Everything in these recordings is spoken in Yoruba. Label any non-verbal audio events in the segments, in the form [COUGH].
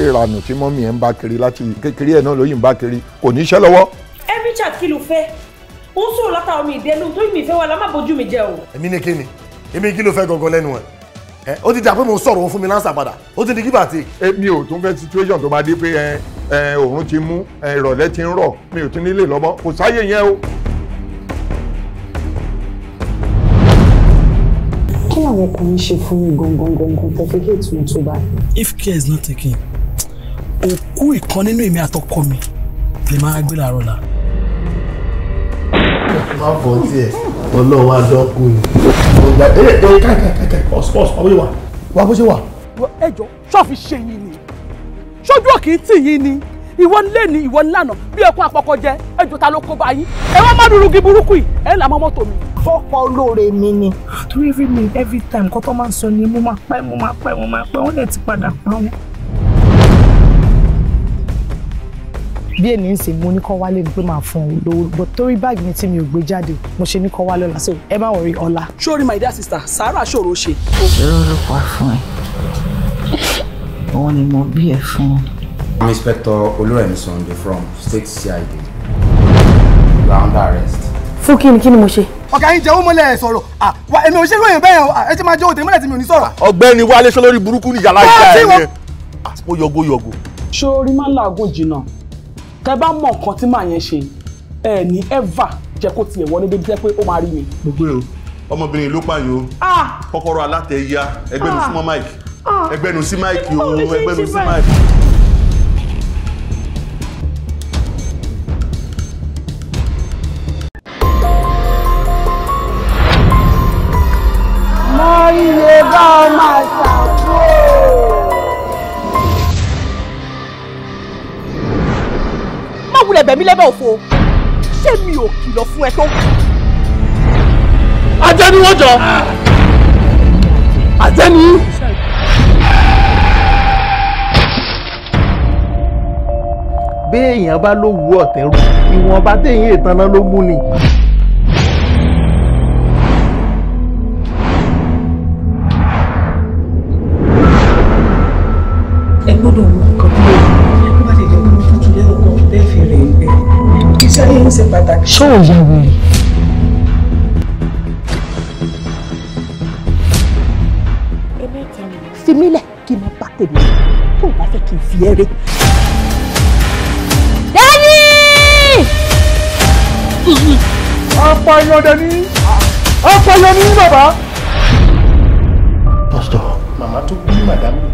ṣe ìranù tí mọ́mí ẹ̀ ń bá kiri láti kékeré ẹ̀ náà lóyún ń bá kiri kò ní iṣẹ́ lọ́wọ́. ẹ Richard kí ló fẹ́ ó ń sọ̀rọ̀ látàwọn mi ìdẹ́nu tó mi ìfẹ́ wa la má bójú mi jẹ o. èmi ni kí ni èmi kí ló fẹ́ gangan lẹ́nu ẹ̀ ẹ ó ti dà pé mo sọ̀rọ̀ òun fún mi láǹsà padà ó ti di kí bàtì. èmi ò tún fẹ́ situation tó máa dé pé ẹ ẹ òòrùn ti mú ẹ ìrọ̀lẹ́ ti ń rọ̀ mi ò tún nílé lọ́mọ kò sáyé yẹn o. kí làwọn ọkùnrin ṣe fún mi gangan gangan tẹ́kẹ́ ètò ìtura. if care is not taken òkú ìkan nínú èmi àtọkọ mi lè máa gbé làárọ̀ la. má bọ̀ tiẹ̀ ọlọ́wọ́ adọ́kù ni ọgbà ẹ ẹ káàkiri ọ̀sọ̀ọ̀sọ̀ ọ̀wé wa wa bó ṣe wà. ẹ jọ ṣọ́ọ̀fù ṣe yín ni ṣojú òkè tì yín ni ìwọ nílé ni ìwọ nílànà bí ẹkún àpọkọ jẹ ẹjọ ta ló kó bá yín ẹ wá má dúró gi burúkú yìí ẹ là mọ mọ́tò mi. fọ́pọ̀ olóore mi ni torí every minute every time kọ́tọ́ máa ń sọ ni mo máa pẹ́ mo máa pẹ́ mo máa pẹ́ wọ́n lè ti padà pa wọ́n. bí èmi ń sìn mo ní kọ́ wálé ni pé máa fún un lówó but torí báàgì mi tí mi ò gbé jáde mo ṣe ní kọ́ wálé ọ̀la so ẹ má wọrí ọ̀la. sórí my dear sister Sarah ṣòro ṣe. ìṣòro ló pa fún ẹ òun ni mo bí ẹ fún. I'm Inspector Olúrẹ̀mí Sunday from State CID. You arrest fún kí ni kí ni mo ṣe. ọ̀gá yín jẹ́wọ́ mọ́lẹ̀ sọ̀rọ̀ wa èmi ò ṣe irú èèyàn bẹ́ẹ̀ ẹ ti máa jẹ́ òtẹ́ mọ́lẹ̀ tí mi ò ní sọ̀rọ̀. ọ̀gbẹ́ni wálé sọlórí burúkú ni yàrá ìjà ẹ yẹn ó yọgo yọgo. ṣé orí máa làágùn jìnnà tẹ bá mọ nǹkan tí màá yẹn ṣe ẹ ní ẹ́và jẹ́ kó tiẹ̀ wọlé débi jẹ́ pé ó máa rí mi. gbogbo ẹ o ọmọbìnrin ló pààyàn o ah! kọ́kọ́rọ́ alátẹ ya ẹgbẹ́nu ah! sí mike ah! ẹgbẹ́nu sí mike o ẹgbẹ́nu sí mike. gbẹ̀mí lẹ́bẹ̀ òfo ṣé mi ò kìlọ̀ fún ẹ tó. ajẹ́ ni wọ́n jọ ajẹ́ ni. béèyàn bá ló wú ọ̀tẹ̀ rú ìwọ̀nba téèyàn ètàná ló mú ni. yín ṣe pàtàkì. ṣé ò yẹ wèrè. fi mí lẹ̀ kí n bá tèmi tó o bá fẹ́ kí n fi ẹ́ rè. dẹ́ni. apààyàn dẹ́ni apààyàn ní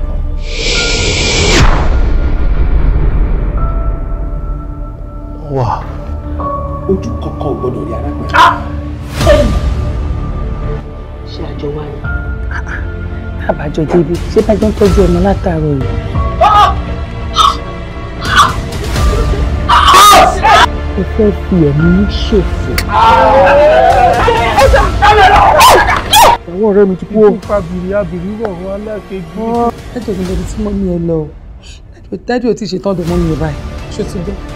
gbọ́dọ̀ rí arákùnrin. Ah! Ah! ṣé àjọ wá ni. àbájọ ah, débi ṣé bájọ ń tọ́jú ọmọ látàárọ̀ yìí. ẹ fẹ́ fi ẹ̀mí ní ṣòfò. ìyàwó ọ̀rẹ́ mi ti kú o. ikú fàbìrì abìrì rọ̀ wọ́n alákejì. dájọ́ mi lọ́dún tí mọ́mí ẹ lọ dájọ́ ò tí ì ṣetán ọ̀dọ̀ mọ́mí ẹ báyìí ṣó ti gbọ́.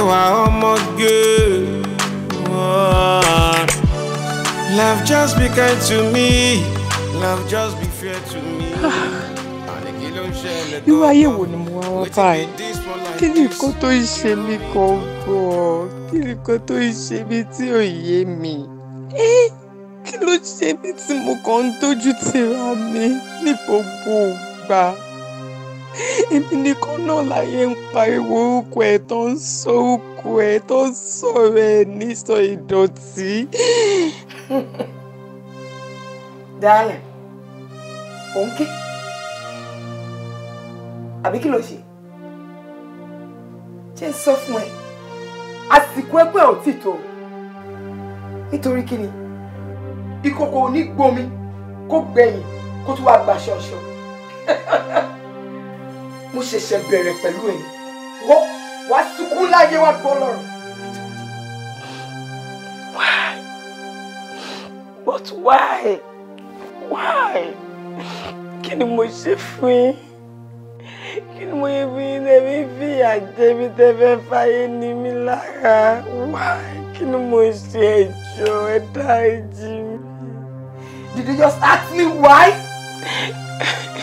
wà ọmọge. Love just be kind to me, love just be fair to me. [SIGHS] Irú ayé wo ni mo wá wá báyìí? Kí ni nǹkan tó ń ṣe mí gangan? Kí ni nǹkan tó ń ṣe mí tí ò yé mi? Eh? Kí ló ṣe mí tí mo kàn ń dojú tìra mi ní gbogbo ìgbà? èmi nìkan náà láyé ń pariwo orúkọ ẹ tó ń sọ orúkọ ẹ tó ń sọ̀rọ̀ ẹ nísọ ìdọ̀tí. darling ò ń ké àbí kí ló ṣe jẹ́ ń sọ fún ẹ àsìkò ẹgbẹ́ ò tí tó nítorí kí ni ìkòkò onígbomi kó gbẹ̀yìn kó tún wá gba [LAUGHS] mo ṣẹ̀ṣẹ̀ bẹ̀rẹ̀ pẹ̀lú ẹ̀ wọ́n wá sunkún láyé wá gbọ́ lọ́rùn. why but why why kí ni mo ṣe fún yín kí ni mo yẹ fún yín tẹ̀mí fìyà jẹ́mi tẹ́fẹ́ fàyè ní mi lára why kí ni mo ṣe ẹ̀jọ̀ ẹ̀dá ẹ̀jì mi. Did you just ask me why?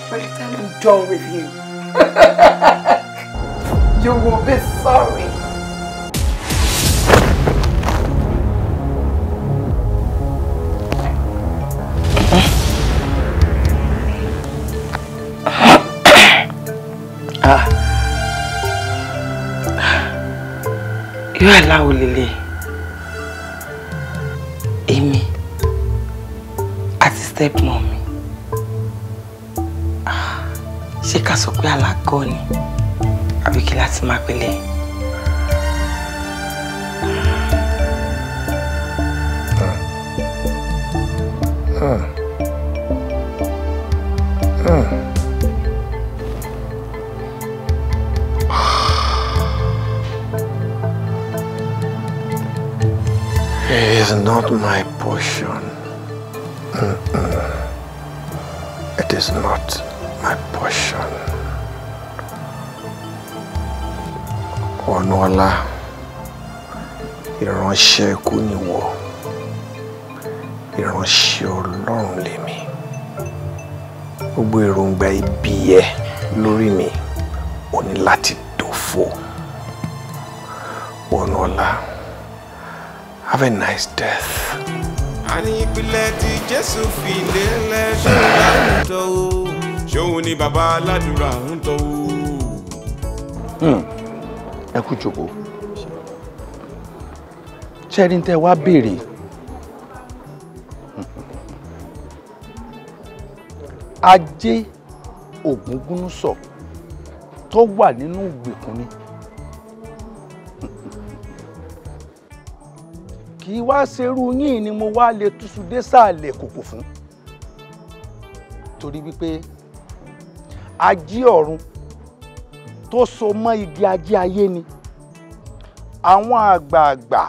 By time I'm done with you. [LAUGHS] you will be sorry. Ah. irú àláwò lélẹ̀ èmi àti stepmom. sọ pé àlágọ́ ni àbí kí láti pélé. It is not my portion. Mm -mm. It is not. Ọlá ìránṣẹ́ ikú nìwọ ìránṣẹ́ Ọlọ́run lèmi gbogbo èròǹgbà ibi ẹ lórí mi ò ní láti dòfo Ọ̀nàọlá have a nice death. àní ìpìlẹ̀ tí Jésù fi lélẹ̀ ṣòun láwùjọ o ṣòun ni bàbá aládùúrà ń tọ́ o. Hmm ẹ kú jòkó ṣẹ́ni tẹ́ wá béèrè ajé ògúngúnúsọ tó wà nínú ìgbèkùn ni kì í wá ṣerú yín ni mo wá lè túṣu désàlẹ̀ kòkò fún torí wípé ajé ọ̀run tó so mọ́ igi ajé ayé ni àwọn àgbààgbà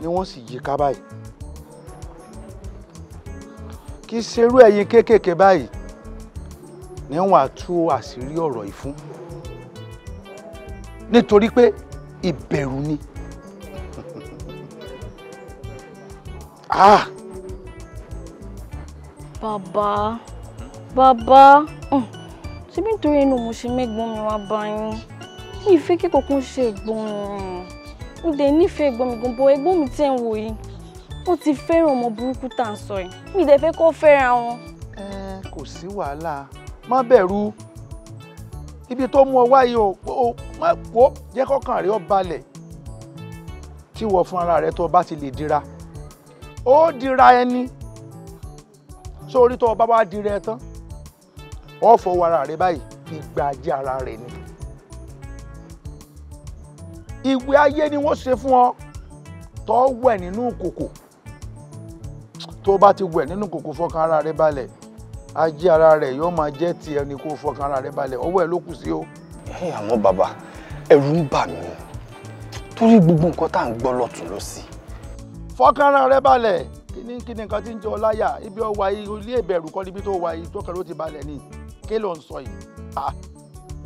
ni wọ́n sì yí ká báyìí kì í ṣerú ẹ̀yin kéékèèké báyìí ni wọ́n á tú àṣírí ọ̀rọ̀ yìí fún nítorí pé ìbẹ̀rù ni [LAUGHS] ah. bàbá bàbá ṣebí nítorí inú mo ṣe mẹ́gbọ́n mi wá bá yín mi ìfẹ́ kíkọ́ kún ṣe ẹ̀gbọ́n mi dẹ̀ nífẹ̀ẹ́ ẹ̀gbọ́n mi gan bọ́ ẹ̀gbọ́n mi tẹ̀ ń wò yìí o ti fẹ́ràn ọmọ burúkú tá à ń sọ yìí mi dẹ̀ fẹ́ kó fẹ́ra wọn. ẹ kò sí wàhálà má bẹ̀rù ibi tó mú ọ wáyé o má kó jẹ́ kọ́kàn rẹ ó balẹ̀ tí wọ́n fún ara rẹ tó bá ti lè dira ó dira ẹni sórí tó bá wá dira ẹ tán ọ fọwọ́ ara rẹ báyìí ìgbà ajé ara rẹ ni ìwé ayé ni wọ́n ṣe fún ọ tó wẹ̀ nínú kòkò tó bá ti wẹ̀ nínú kòkò fọkàn ara rẹ balẹ̀ ajé ara rẹ yóò máa jẹ́ ti ẹni kó fọkàn ara rẹ balẹ̀ ọwọ́ ẹ ló kù sí o. àmọ́ bàbá ẹrù ń bà mí torí gbogbo nǹkan tá à ń gbọ́ lọ́tún lọ́sì. fọkàn ara rẹ̀ balẹ̀ kíni kíni nǹkan tí ń jẹ ọ láyà ibi ọwà ilé ìbẹ̀rù kọ́ níbi tó wà yìí ti balẹ̀ ni. kí ló ń sọ yìí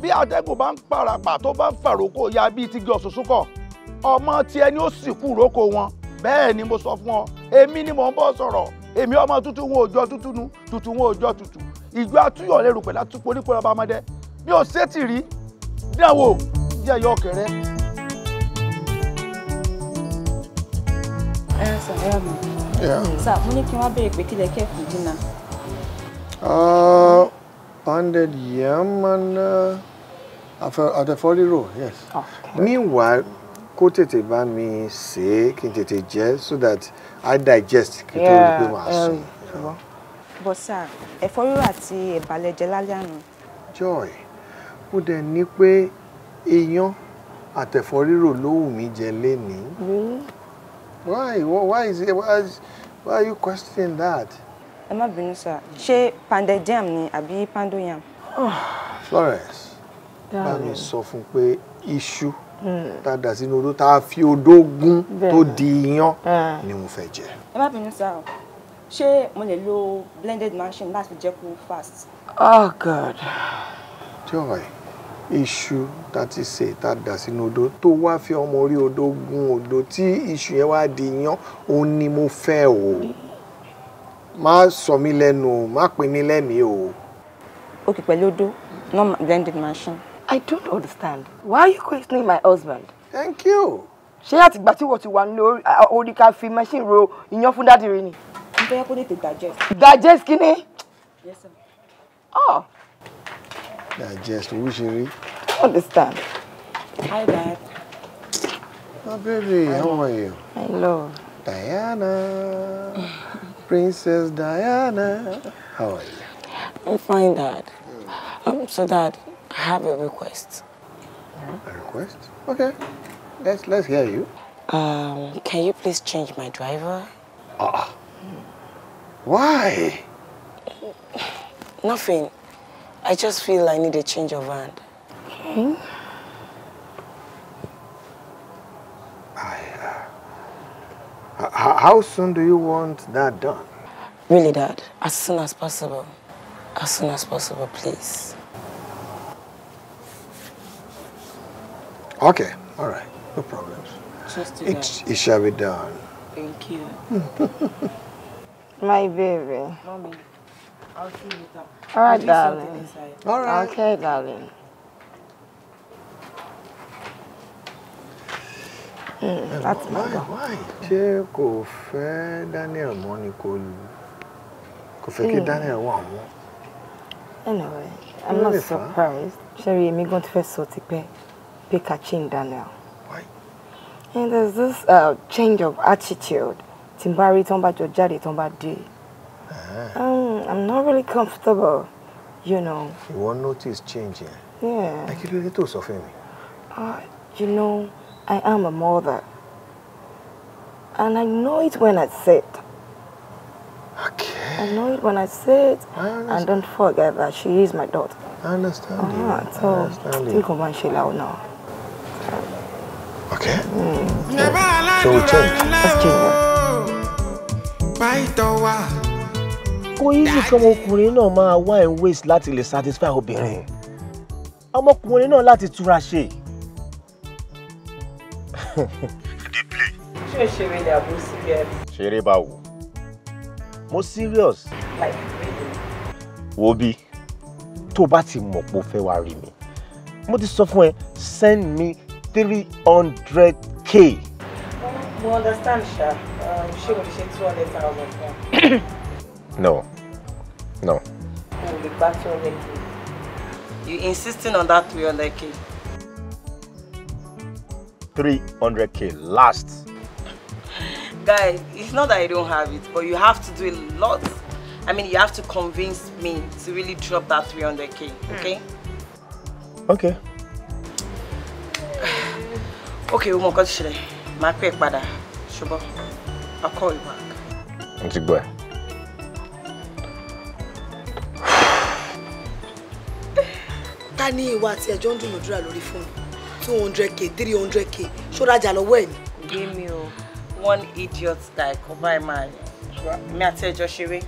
bí atẹ́gùn bá ń parapà tó bá ń fàrókò ya bíi ti gé ọ̀ṣunṣun kọ̀ ọmọ tiẹ̀ ni ó sì kú róko wọn bẹ́ẹ̀ ni mo sọ fún ọ èmi ni mò ń bọ́ sọ̀rọ̀ èmi ọmọ tútù wọn ò jọ tútù nu tútù wọn ò jọ tútù ìjọ atúyọ̀ lérò pẹ̀lú atúpọ̀ onípò ọba ọmọdé mi ò sétí rí dáwọ́ jẹ́ ẹ̀yọ́ ọ̀kẹ́rẹ́. ẹ ẹ sàn ẹ ọmọ sà mo ní kí wọn béèrè pé kílẹ̀ kẹ́ẹ̀kú dínà expanded Yemen uh, at after Folly Road, yes. Okay. Meanwhile, kó tètè bá mi ṣe é kí n so that I digest kí n tó rí pé màá sùn. Um, bọ́sà ẹ̀fọ́ rírò àti ìbàlẹ̀jẹ̀ lálẹ́ àná. joy ó dẹ̀ ní pé iyán àtẹ̀fọ́ rírò ló wù mí jẹ lénìí. why why is it why, why are you questioning that? ẹ má sa. sà pande pandẹ jam ni àbí pando yam. Ah, Florence bá mi sọ fún pé iṣu hmm. tá a dà sínú odó fi odó gún di iyán ah. ni mo fẹ́ jẹ. ẹ má bínú sà o mo lè lo blended machine láti jẹ́ kó fast. oh god. joy iṣu tá ti sè tá dà sínú odó tó wá fi ọmọ orí odó gún odó tí iṣu yẹn di yan òun ni mo fẹ́ o má sọ mí lẹ́nu o má pè mí lẹ́mìí o. òkè pẹ̀lú odó not blended machine. I don't understand. Why are you questioning my husband? Thank you. Ṣé àtìgbà tí wọ́n ti wà ní orí ká fi machine ro iyán fún dáàdì rẹ ni? N fẹ́ kó tètè digest. Digest kí ni? Yes sir. Oh. Digest owó ṣe rí. I understand. Hi dad. Oh baby, how are you? Hello. Diana. [LAUGHS] Princess Diana. How are you? I'm fine, Dad. Um, so, Dad, I have a request. A request? Okay. Let's let's hear you. Um, can you please change my driver? Ah. Uh, why? Nothing. I just feel I need a change of hand. Hmm. How soon do you want that done? Really, Dad, as soon as possible. As soon as possible, please. Okay, all right, no problems. Just do it, it shall be done. Thank you. [LAUGHS] My baby. Mommy, I'll see you All right, darling. All right. Okay, darling. Mm, láti máa gbà. ṣé kò fẹ́ Daniel mọ́ ni kò lù kò fẹ́ kí mm. Daniel wà wọ́n. anyway i'm not surprised ṣeré èmi gan ti fẹ́ sọ tipẹ́ pé ká change Daniel. Why? and there's this uh, change of attitude tí n bá rí tí wọ́n ah. um, I'm not really comfortable, you know. You won't notice change, yeah? Yeah. Like a little it to Sophie. Uh, you know, I am a mother. And I know it when I say it. Okay. I know it when I say it. I and don't forget that she is my daughter. I understand. Uh -huh. You. Uh-huh, so, I understand think of now. Okay. Mm. So, so we change. Let's change. Kò easy kọ́mọkùnrin náà máa wá ẹ̀ waste láti lè satisfy obìnrin. Ọmọkùnrin náà láti túra ṣe dey play. ṣé o ṣeré ni àbò serious. ṣeré bá wò mo serious. like really. wo bí tó bá ti mọ̀ pé o fẹ́ wá rí mi mo ti sọ fún ẹ send me three hundred k. mo understand ṣá um, ṣé mo lè ṣe two hundred thousand fún. [COUGHS] no no. mo lè gba two hundred k. you insisting on that three hundred k. 300k last. Guys, it's not that I don't have it, but you have to do a lot. I mean, you have to convince me to really drop that 300k, okay? Hmm. Okay. [SIGHS] okay, Umo, got Shire. My quick brother. Shubo, I'll call you back. It's a boy. Ta ni ìwà àti ẹjọ́ ń dùnmọ̀dúrà lórí fóònù? two hundred k three hundred k ṣọ́rajà lọ́wọ́ ẹ̀ ni. yé mi o one idiot guy kò bá ẹ máa yàn mi àti ẹjọ́ ṣeré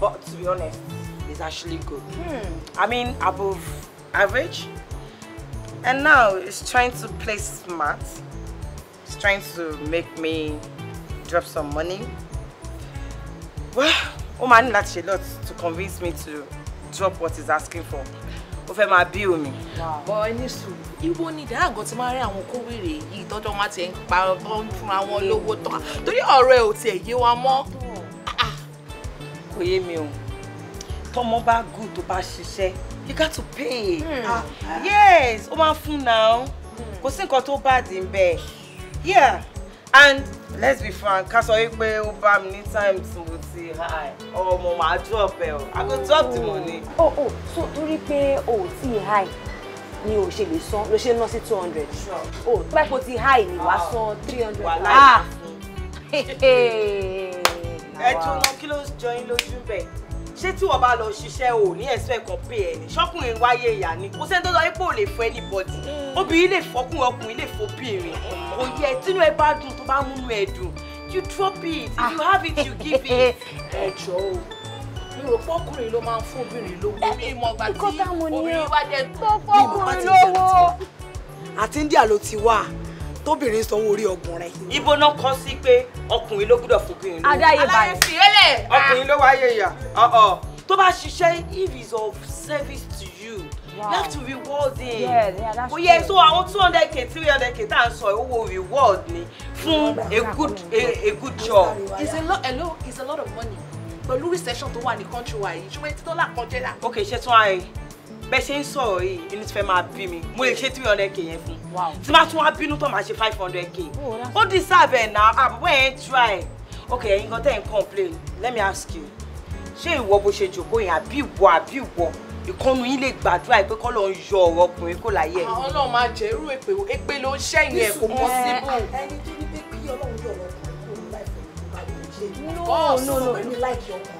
but to be honest it's actually good hmm. I mean above average and now he's trying to play smart he's trying to make me drop some money well ó máa ní láti ṣe lot to convince me to drop what he's asking for ó fẹ́ máa bí omi. bọ ẹni sùn ibo ni ìdáàgọ́ ti máa rí àwọn kówèrè yìí tọ́jọ́ wọn ti ń pa ọ́n fún àwọn lówó tán torí ọ̀rọ̀ ẹ̀ ò tiẹ̀ yé wa mọ́. kò yé mi o tọmọ bá gùn tó bá ṣiṣẹ́ you got to pay. Hmm. Ah, ah. yes ó máa fún náà hmm. kò sí nǹkan tó bá dín yeah and let's be frank ká sọ wípé ó mi ní time tí mo ti high ọmọ màá drop ẹ o i go drop the money. Oh, oh, oh. so torí pé o ò tí ì high ni o ṣe lè san ló ṣe ń ná sí two hundred. o oh, tó bá ti high ni wàá san three hundred. wàhálà ah! [LAUGHS] ẹ tún ná kí ló jọ yín lójú bẹ́ẹ̀ ṣé tí wọ́n bá lọ ṣiṣẹ́ o ní ẹ̀sùn ẹ̀kan pé ẹni ṣọ́kùnrin wáyé ìyá ni kò sẹ́ni tó sọ pé lè fún anybody mm. obìnrin lè fọkùn ọkùnrin lè fọbìnrin òye tínú ẹ bá dùn tó bá múnú ẹ dùn you drop it if you have it you give it. [LAUGHS] ẹ jọ̀ọ́ o mi ò fọkùnrin ló máa ń fún obìnrin lówó eh, mi ìmọ̀gbà tí obìnrin wá tó fọkùnrin lówó. àti India ló ti wá tóbìnrin sanwó orí ọkùnrin. ibo náà kọ́ sí pé ọkùnrin ló gbúdọ̀ fògbìnrin lówó. adáyé balẹ̀ ọkùnrin ló wáyé ìyà tó bá ṣiṣẹ́ if he is of service to you you have to reward him. Yeah, yeah, that's yeah, true. so àwọn two hundred k three hundred k tá à ń sọ owó reward ni fún a good a, a good job. it's a lot hello it's a lot of money pẹ̀lú recession tó wà ní country wa yìí ṣùgbọ́n títọ́lá kan jẹ́ dà. ok ṣe tún ayé bẹ́ẹ̀ ṣe ń sọ̀rọ̀ yìí inú ti fẹ́ máa bí mi mo lè ṣe three hundred k yẹn fún tí bá tún wá bínú tó máa ṣe five hundred k oh, ó deserve ẹ̀ náà ah, àbúrò ẹ̀ ń try okay ẹ̀yin gan tẹ́ ẹ̀ complain let me ask you ṣé ìwọ bó ṣe jòkó yẹn àbí ìwọ àbí ìwọ ìkọnu yín lè gbàdúrà pé kọ́ ló ń yọ ọ̀rọ̀ ọkùnrin kò láyé ẹ̀. Ah, Ọlọ́run máa jẹ́ irú èpè èpè ló ń ṣẹ̀yìn ẹ̀ kò mọ́ síbò. Ah, ẹni tó ní pé kí Ọlọ́run yọ ọ̀rọ̀ ọkùnrin kò ní láìpẹ́ ìgbà no no no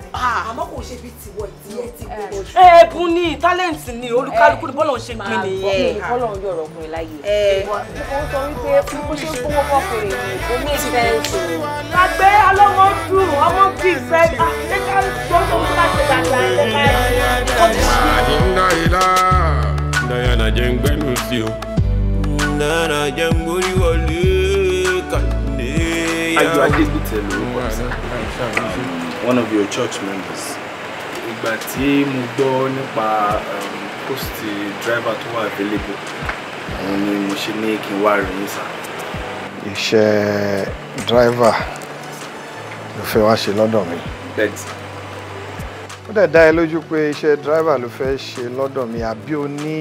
àmọ́ kò ṣe bíi tiwọ ìdíyẹ ti gbọ́dọ̀ jù. ẹ̀bùn ni tálẹ́ǹtì ni olúkálukú ni bọ́lọ̀ ń ṣe pín nìyẹn. bọ́lọ̀ ń yọ̀rọ̀ ọkùnrin láyè. ó sọ wípé bó ṣe ń fowó fọkùnrin kò ní ìfẹ́ ẹ̀sùn. àgbẹ̀ ọlọ́mọ dùn ọmọ bíi ìfẹ́ àtẹ́ká gbọ́dọ̀ láti gbàgbà ẹ̀ka ẹ̀ Dayana jẹ́ ń gbẹ́nu sí o. Dayana jẹ́ ń gbórí wọlé kàdé. Ayọ̀ Adégbìtẹ̀ ló ń wà náà one of your church members. ìgbà tí mo gbọ́ nípa um, post driver tó wà available òun ni mo ṣe ní kí n wá rí yín sá. iṣẹ́ driver ló fẹ́ wá ṣe lọ́dọ̀ mi. bẹ́ẹ̀ ni ó dẹ̀ dá ẹ lójú pé iṣẹ́ dírẹ́fà ló fẹ́ ṣe lọ́dọ̀ mi àbí o ní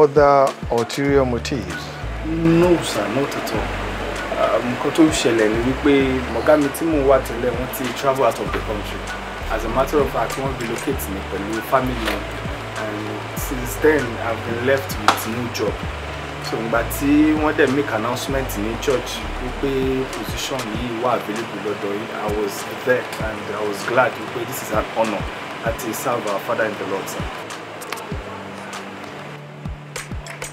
other ulterior motives. no sir not at all. Um, nǹkan tó ṣẹlẹ̀ ni wípé mọ̀gá mi tí mò ń wà tẹ́lẹ̀ wọ́n ti travel out of the country as a matter of fact wọ́n relocate mi pẹ̀lú family and since then I've been left with no job so ìgbà tí wọ́n dẹ̀ make announcement ní church wípé position yìí wà available lọ́dọ̀ yìí I was there and I was glad wípé this is an honour láti serve our father in the Lord sir.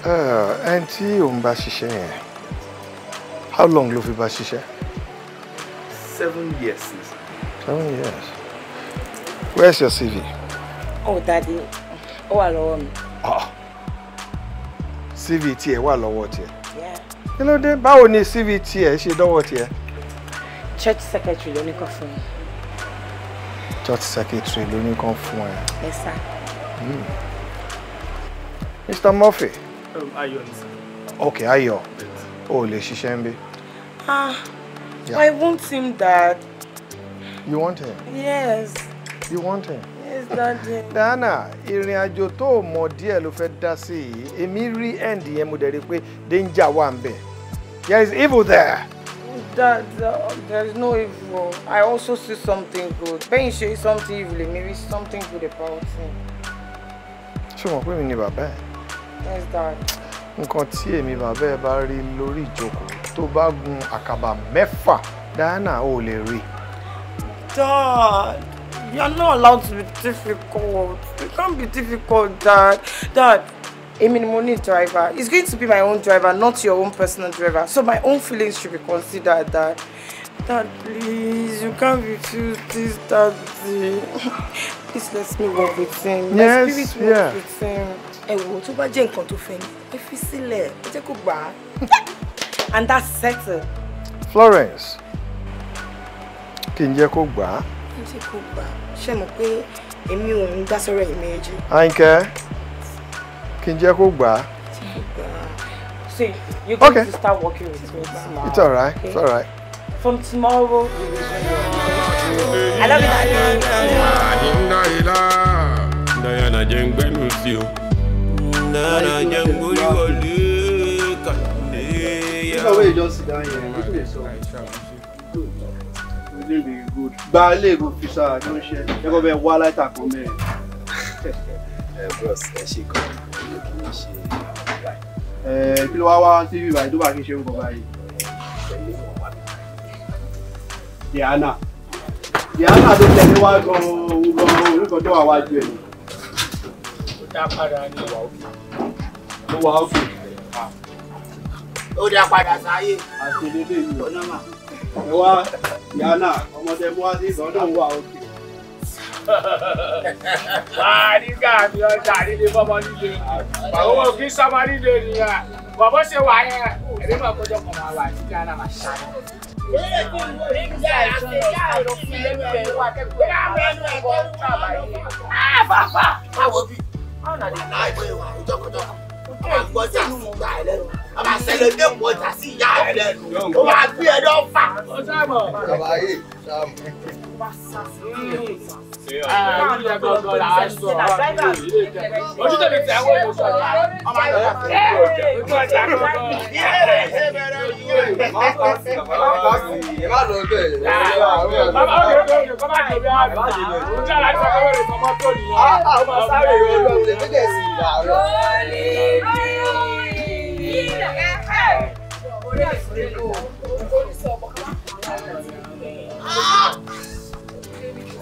Ah, ẹni tí òun bá ṣiṣẹ́ yẹn. How long ló fi bá ṣiṣẹ́? Seven years. Sir. Seven years. Where's your CV? Oh, Daddy, Oh, wà lọ́wọ́ mi. Ah. CV What wà lọ́wọ́ Yeah. Hello ló dé? Báwo ni CVT, she don't dọ́wọ́ here. Church secretary ló ní kàn fún Church secretary ló ní kàn fún Yes, sir. Mm. Mr. Murphy. Um, Ayọ̀ ni sir. Okay, Ayọ̀. Yes. Oh, lè ṣiṣẹ́ Ah, yeah. I want him, Dad. You want him? Yes. You want him? Yes, Daddy. Dana, [LAUGHS] ìrìn àjò tó mọ̀ díẹ̀ ló fẹ́ dá sí i. Èmi end yẹn mo dẹ̀ rí pé danger wà ń There is evil there. Dad, uh, there is no evil. I also see something good. Bẹ́yìn ṣe something evil, maybe something good about him. Ṣé o mọ̀ pé mi ni bàbá ẹ̀? Yes, Dad. Nǹkan tí èmi bàbá ẹ bá rí lórí ìjókòó tó bá gun àkàbà mẹ́fà Diana ò lè rí. Dad, you are not allowed to be difficult. You can't be difficult, Dad. Dad, èmi ni mo ní driver. is going to be my own driver, not your own personal driver. So my own feelings should be considered, Dad. Dad, please, you can't refuse this, Daddy. Please let me work with him. My yes, spirit works yeah. with him. Ẹ wo tó bá jẹ́ nǹkan tó fẹ́ ni, ẹ fi sílẹ̀, ẹ jẹ́ kó gbà á. [LAUGHS] and that's settled. Florence kí n jẹ́ kó gbà á. kí n jẹ́ kó gbà á ṣe mọ̀ pé èmi ò ń dá sọ́rọ̀ ẹ̀yìn méjì. àyìnkẹ́ kí n jẹ́ kó gbà á. see you go okay. to start working with me tomorrow. it's alright okay? it's alright. from tomorrow we will be i love you daddy. Diana, ilá Diana, jẹ́ ń gbẹ́nu sí o. dayana jẹ́ ń gbóríwọ̀lú picture wey you just sit down here wetin dey sup wetin be good gba ilé ìgò fisa don ṣe ẹ kọ bẹ wá láìta kan mẹ́rin. [LAUGHS] Eh, ẹ bros ẹ ṣe kan ẹ kì í ṣe àbúrò. ẹ kí ló wá wá tv báyìí tó bá kí n ṣe ń bọ báyìí. diana diana tó tẹ̀lé wá gan ohun gan orúkọ tó wà wájú ẹ̀. ó dá padà ní ìwà òkè. ó wà ó dá padà sáyé. àti lédè yìí ọ̀nà mà. ẹ wá yánà ọmọdé mú wá sí ìsọdún wà òkè. àdìgá mi ọjà nílé bọ́mọ nílé bàbá òkè sọmọ nílé nìyà bàbá ṣe wà yẹn ẹ̀rí mọ̀ kọjọ kọ̀ máa wà àti yánà máa ṣáà. Ah, papa! How will be? How not the night? Jọ́kọ̀jọ́kọ̀ àgbọ̀ sínú mu gbà ẹ lẹ́nu a máa ṣẹlẹ̀ dé mọ́ ta ojú tèmi tẹ wọ ìlú sọjà ọmọ ayọ̀ ẹ ojú ọjà kọkọ ìbéèrè ìbéèrè ìbéèrè ọkọ sí ọkọ sí ìbá lọ bẹ́ẹ̀. bàbá òde òde òde bàbá àti ìbí máa bá jẹ ojú àlá ìfẹ́ kọ́wé rẹ̀ fọmọ tó nìyẹn. a a ma sáré yóò lọ sí ẹgbẹ́ tẹ̀sí ìgbà rẹ̀. olè ní ìyá ẹ̀ orí àìsàn lè kó o.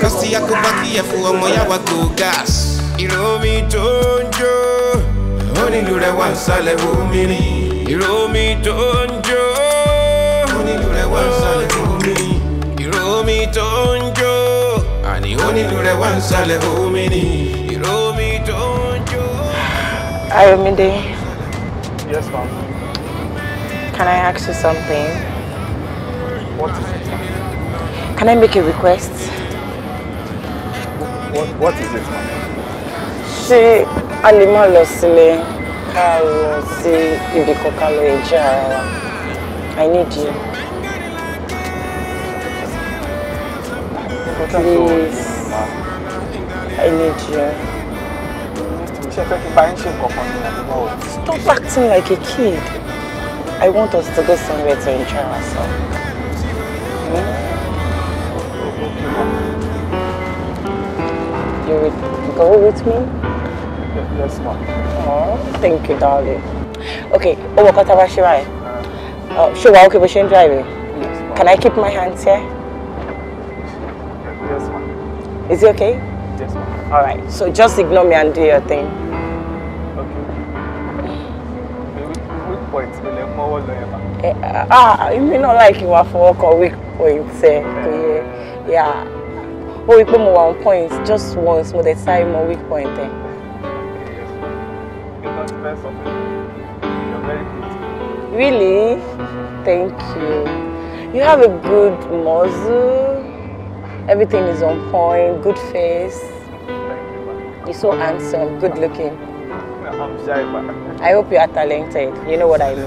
Kasi ako baki ẹ̀fọ́ ọmọ yá wa go gas. Ìròmí tó ń jó. Ó nílùú rẹ̀ wá sálẹ̀ omi ni. Ìròmí tó ń jó. Ó nílùú rẹ̀ wá sálẹ̀ ni. Ìròmí tó ń jó. Àní ni. Ìròmí tó ń jó. Yes, ma'am. Can I ask you something? What is it? Can I make a request? What, what is it? Ṣé a lè máa lọ sílé ká lọ sí ibì I need you. Please, ah. I need you. Stop acting like a kid. I want us to go somewhere to enjoy ourselves. you would go with me? Yes, ma'am. Oh, thank you, darling. Okay, oh, what about Shirai? Uh, sure, okay, but she driving. Yes, Can I keep my hands here? Yes, ma'am. Is it okay? Yes, ma'am. All right, so just ignore me and do your thing. point ilẹ̀ mọ́wọ́ lọ yẹn ma. Eh, ah, ah èmi náà láìkí wá fọwọ́ kan weak point eh, yeah. We rí i on point just once mo the time. mọ weak point ẹ̀. Eh? really thank you you have a good muscle everything is on point good face you're so handsome good looking. I'm shy, but I hope you are talented. You know what I mean.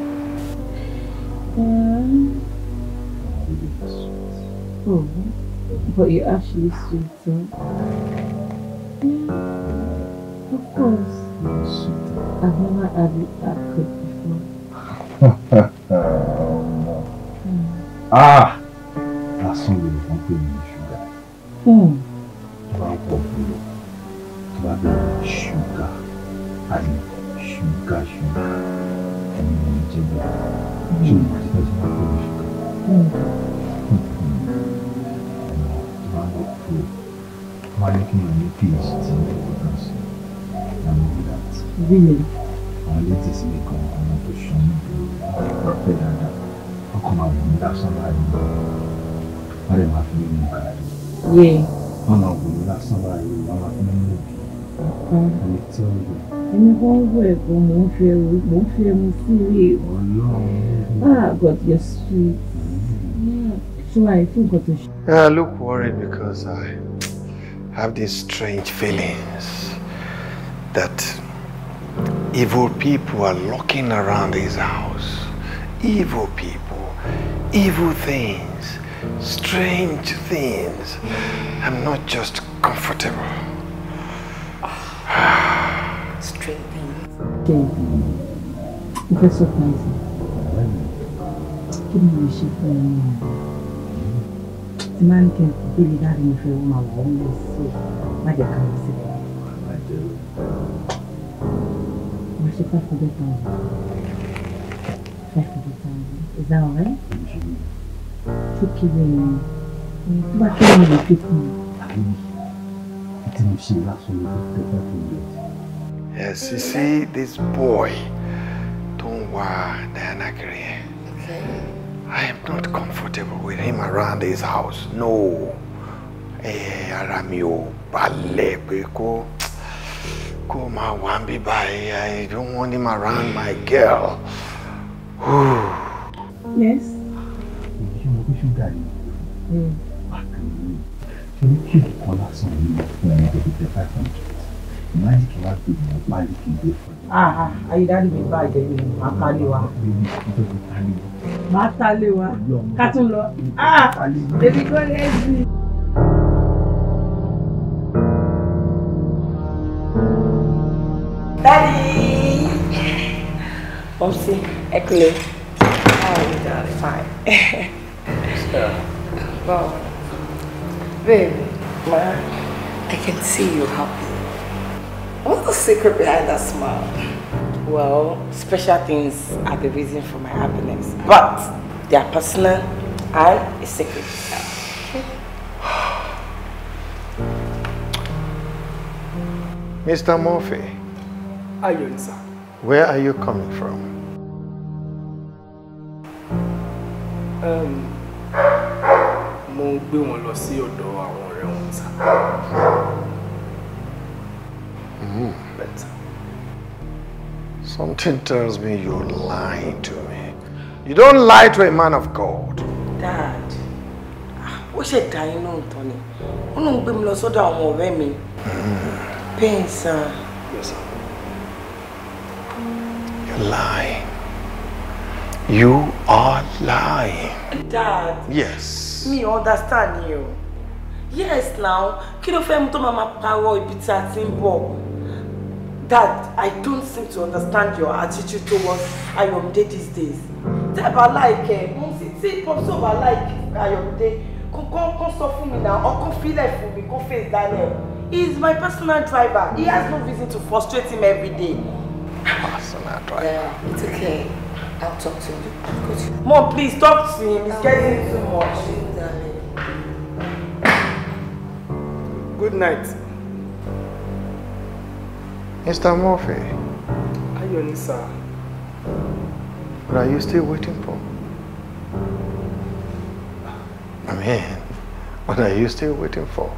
but you actually sweet, huh? Yeah, of course. Sweet. I've never had it that quick before. mm. [LAUGHS] Ah! That's something you can put in sugar. Hmm. Yeah. Wọn àwọn obìnrin lásán báyìí wọn máa fi mímú òbí. Ẹni tí ó lò. Ẹni wọ́n wọ ẹ̀gbọ́n mò ń fi ẹmu mò ń fi ẹmu sí ilé. Ọlọ́run. Ah God yes. you. Hmm. So I feel to. I ah, look worried because I have these strange feelings that evil people are looking around this house. Evil people, evil things strange things. I'm not just comfortable. strange things. Strange things. It's a surprise. Give me a shit man. A man can believe that in a you only so why they can't see them. I do. We should fight for the town. Fight for the town. Is that alright? Yes, you see this boy Don't ń Diana kiri yẹn. I am not comfortable with him around his house. No. Ara mi ò balẹ̀ pé kó kó máa wá I don't want him around my girl. Yes bákan ah, torí kéèkì kan lásán ní fún ẹni tẹ̀lé tẹ five hundred ìmáàlì kí wàá gbé ìmọ̀ páálí kí n gbé fún ẹ. ayédájú mi bá àjẹ mi máa ta lé wa. máa ta lé wa ká tún lọ èmi kò lè jí. Daddy! Momsi, Wow. Babe, Mark, I can see you happy. What's the secret behind that smile? Well, special things are the reason for my happiness. But they are personal and a secret. [SIGHS] Mr. Murphy. you sir. Where are you coming from? Um, mo gbé wọn lọ sí ọ̀dọ̀ àwọn ọ̀rẹ́ wọn sá. Hmm. Something tells me you're lying to me. You don't lie to a man of God. Dad, ah, ó ṣe dá iná ìtàn ni. Ó lóun gbé mi lọ sọ́dọ̀ àwọn ọ̀rẹ́ mi. Bẹ́ẹ̀ sá. You lie. You are lying. Dad. Yes. Me understand you. Yes now. Kí ló fẹ́ mú tó máa ma pawọ́ a ti ń bọ̀? Dad, I don't seem to understand your attitude towards Ayomide these days. Tẹ́ like, bá láìkẹ́, mo ti tí Popso bá láìkẹ́ Ayomide, kò sọ fún mi náà, ọkàn fílẹ̀ fún mi, kò fèé dálẹ̀. He is my personal driver. He has no reason to frustrate him every day. Personal driver. Yeah, it's okay. I'll talk to you. Coach. Mom, please talk to him. He's oh, getting too much. Good night. Mr. Murphy. Ayoni, sir. What are you still waiting for? I mean, what are you still waiting for?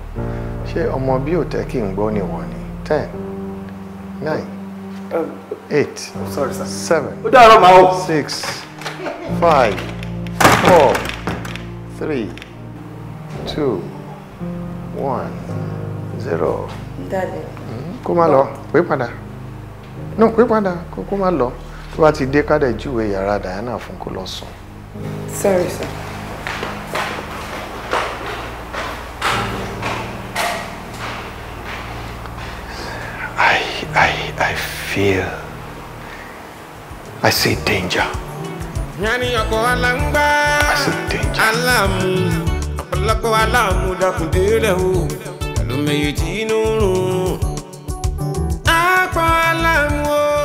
She ọmọ bí ò tẹ́ kí n gbọ́ Ten, nine eight. I'm sorry, sir. Seven. Ó dàárọ̀ màá o. Six. Five. Four. Three. Two. One. Zero. Daddy, come along. lọ, pé padà. No, pé padà, kó má lọ. Tó bá ti dé kádẹ̀ júwe yàrá Diana fún kó lọ sùn. Sorry, sir. fear. I see danger. I see danger. ọ̀pọ̀lọpọ̀ aláàmú dákun délẹ̀ pẹ̀lú mẹ́yẹ tí inú rùn. apá aláàmú o.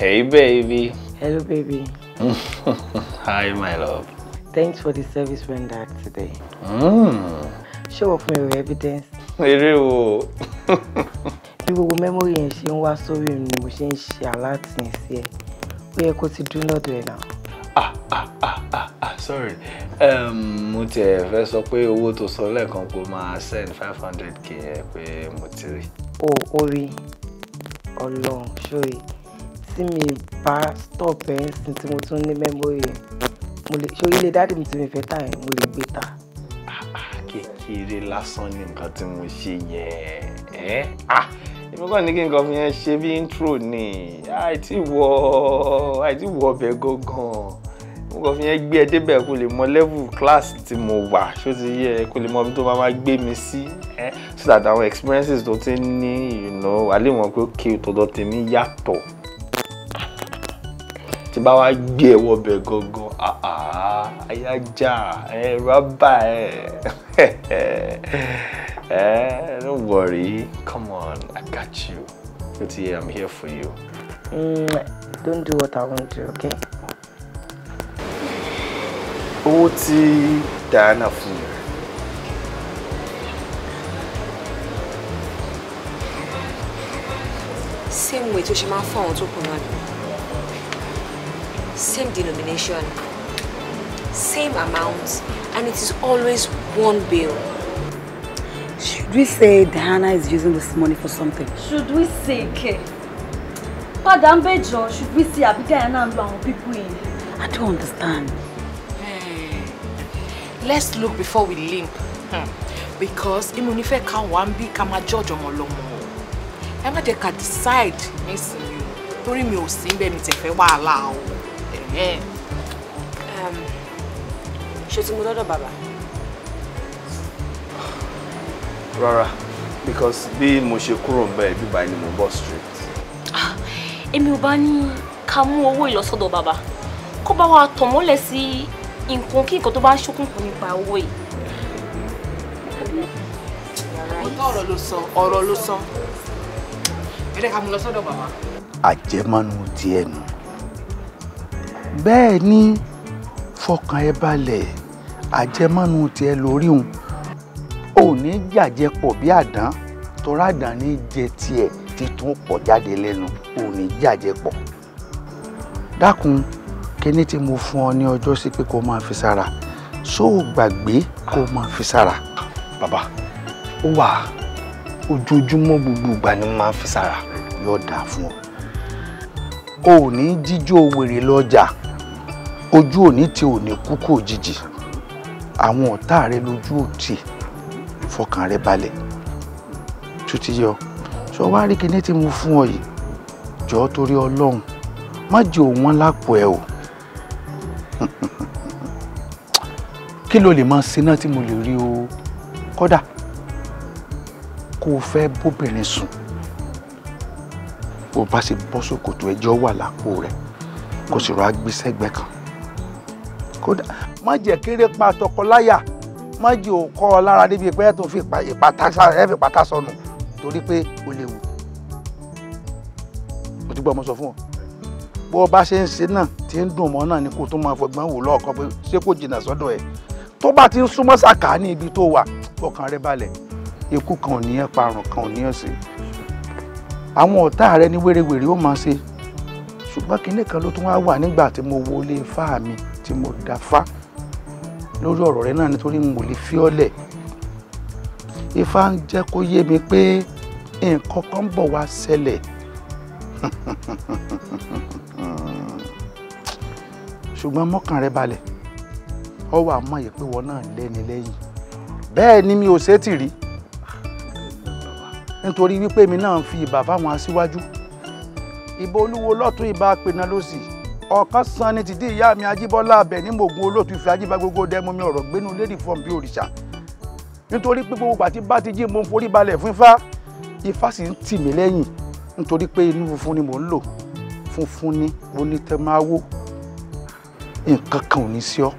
Hey baby. Hello baby. [LAUGHS] Hi my love. Thanks for the service rendered today. Mm. Show off my evidence. Èrè o. [LAUGHS] bí gbogbo mẹ́mórì yẹn ṣe ń wá sórí mi ni mo ṣe ń ṣe alátìyìn sí ẹ ó yẹ kó ti dún lọ́dọ̀ ẹ̀ náà. ah ah ah ah ah sorry mo tiẹ̀ fẹ́ sọ pé owó tó sọ lẹ́ẹ̀kan pé máa send five hundred k ẹ pé mo ti rí. o ò rí ọlọ́run ṣóye tí mi bá stop ẹ̀ ń sìn tí mo tún ní mẹ́mórì yẹn mo lè ṣe orílẹ̀ dáàdì mi tí mi fẹ́ tà yẹn mo lè gbé ta. Ah, ah, kékeré lásán ni nǹkan tí mo ṣe yẹn ẹ́ ah èmi kàn ní kí nǹkan fi yẹn ṣe bí intro ni àìtí wọ àìtí wọ ọbẹ̀ gangan mo kàn fi yẹn gbé ẹ débẹ̀ kó lè mọ level class tí mo wà ṣó ti yẹ kó lè mọ ibi tó máa máa gbé mi sí ẹ so that àwọn experiences tó ti ní ìrìnà wà pé ó tọ̀dọ̀ tèmi yàtọ̀ tí bá wá gbé ẹ wọbẹ̀ gangan àyájá ẹ rábà ẹ. Eh, don't worry. Come on, I got you. Utie, I'm here for you. Mm, don't do what I want to, okay? Owó tí Diana fún Same way tó ṣe máa ń fún tó kù Same denomination, same amount, and it is always one bill. Should we say Diana is using this money for something? Should we say ke? Padam Bejo, should we say Abi Diana and Long people in? I don't understand. Hey, hmm. Let's look before we limp. Hmm. Because Imunife kan one, be, ká máa judge on lọ́mọ. Ẹ má jẹ́ decide nísìnyí. Torí mi ò sí ńbẹ̀ mi tẹ̀ fẹ́ wàhálà o. Um. Ṣé ti mother dọ́dọ̀ bàbá? Rara, because bí mo ṣe kúrò ńbẹ̀ ibi báyìí ni mo bọ̀ straight. Ah, èmi ò bá ní ká mú owó ìlọsọ́dọ̀ bàbá kó bá wa tàn mọ́lẹ̀ sí nǹkan kí nǹkan tó bá ń ṣókùnkùn nípa owó yìí. ọ̀tọ̀ ọ̀rọ̀ ló sọ ọ̀rọ̀ ló sọ ẹ̀rẹ́ ká mú lọ bàbá. àjẹmánu tiẹ̀ nù bẹ́ẹ̀ ni fọkàn ẹ balẹ̀ àjẹmánu tiẹ̀ lórí òun ò ní jàjẹ pọ̀ bí àdán tọ́ra àdán ní jẹ tiẹ̀ títún pọ̀ jáde lẹ́nu ò jàjẹ pọ̀. dákun kíní tí mo fún ọ ní ọjọ́ sí pé kó máa fi sára ṣó o gbàgbé kó máa fi sára. bàbá ó wà ojoojúmọ́ gbogbo ìgbà ni mo máa ń fi sára. yóò dáa fún ọ o ò ní jíjó wèrè lọ́jà ojú òní tí ò ní kú kò jìjì àwọn ọ̀tá rẹ lójú òtí fọkàn rẹ balẹ̀ tó ti yọ sọ wá rí kinní tí mo fún ọ yìí jọ torí ọlọ́run má jẹ òun lápò ẹ o [LAUGHS] kí ló lè máa ṣe náà tí mo lè rí o kódà kó o fẹ́ bóbìnrin sùn bó o bá ṣe bọ́ sòkòtò ẹjọ́ wà lápò rẹ kó o sì rọ agbésẹ́gbẹ́ kan kódà má jẹ́ kéré pa tọkọláyà májì ò kọ́ ọ lára débi pé ẹ̀ tó fi ìpàtà sọnù torí pé o léwu mo ti gbọ́ mo sọ fún ọ bó o bá ṣe ń ṣe náà tí ń dùn mọ́ náà ni kó tó máa fọgbọ́n wò lọ́ọ̀kan pé ṣé kò jìnnà sọ́dọ̀ ẹ̀ tó bá ti ń súnmọ́ sàkà ní ibi tó wà ọkàn rẹ balẹ̀ ikú kan ò ní ẹ parun kan ò ní ẹ sí àwọn ọ̀tá rẹ ní wérewère ó máa ṣe ṣùgbọ́n kinní kan ló tún wá wà nígbà tí mo wọlé fáà mi tí mo dá fáà lórí ọ̀rọ̀ rẹ náà nítorí mo lè fi ọ́ lẹ̀ ifá ń jẹ́ kó yé mi pé nǹkan kan ń bọ̀ wá ṣẹlẹ̀ [LAUGHS] ṣùgbọ́n mọ́kàn rẹ balẹ̀ ọ wà mọ̀ yìí pé wọn náà lẹ́ni lẹ́yìn bẹ́ẹ̀ ni mi ò ṣètì rí nítorí wípé mi náà ń fi ìbà fáwọn aṣíwájú ìbà olúwo lọ́tún ìbà apènà lósì ọ̀kan san ni tìdí ìyá mi ajíbọ́lá abẹ ní mògùn olóòtú ìfẹ́ ajíbá gbogbo dẹ́mu mi ọ̀rọ̀ gbénu lédi fọ́ọ̀mù bí òrìṣà nítorí pé gbogbo pàtí bá ti jí mo ń forí balẹ̀ fún ifá ifá sì ń tì mí lẹ́yìn nítorí pé inú funfun ni mò ń lò funfun ni onítẹ̀máwó nǹkan kan ò ní sí ọ́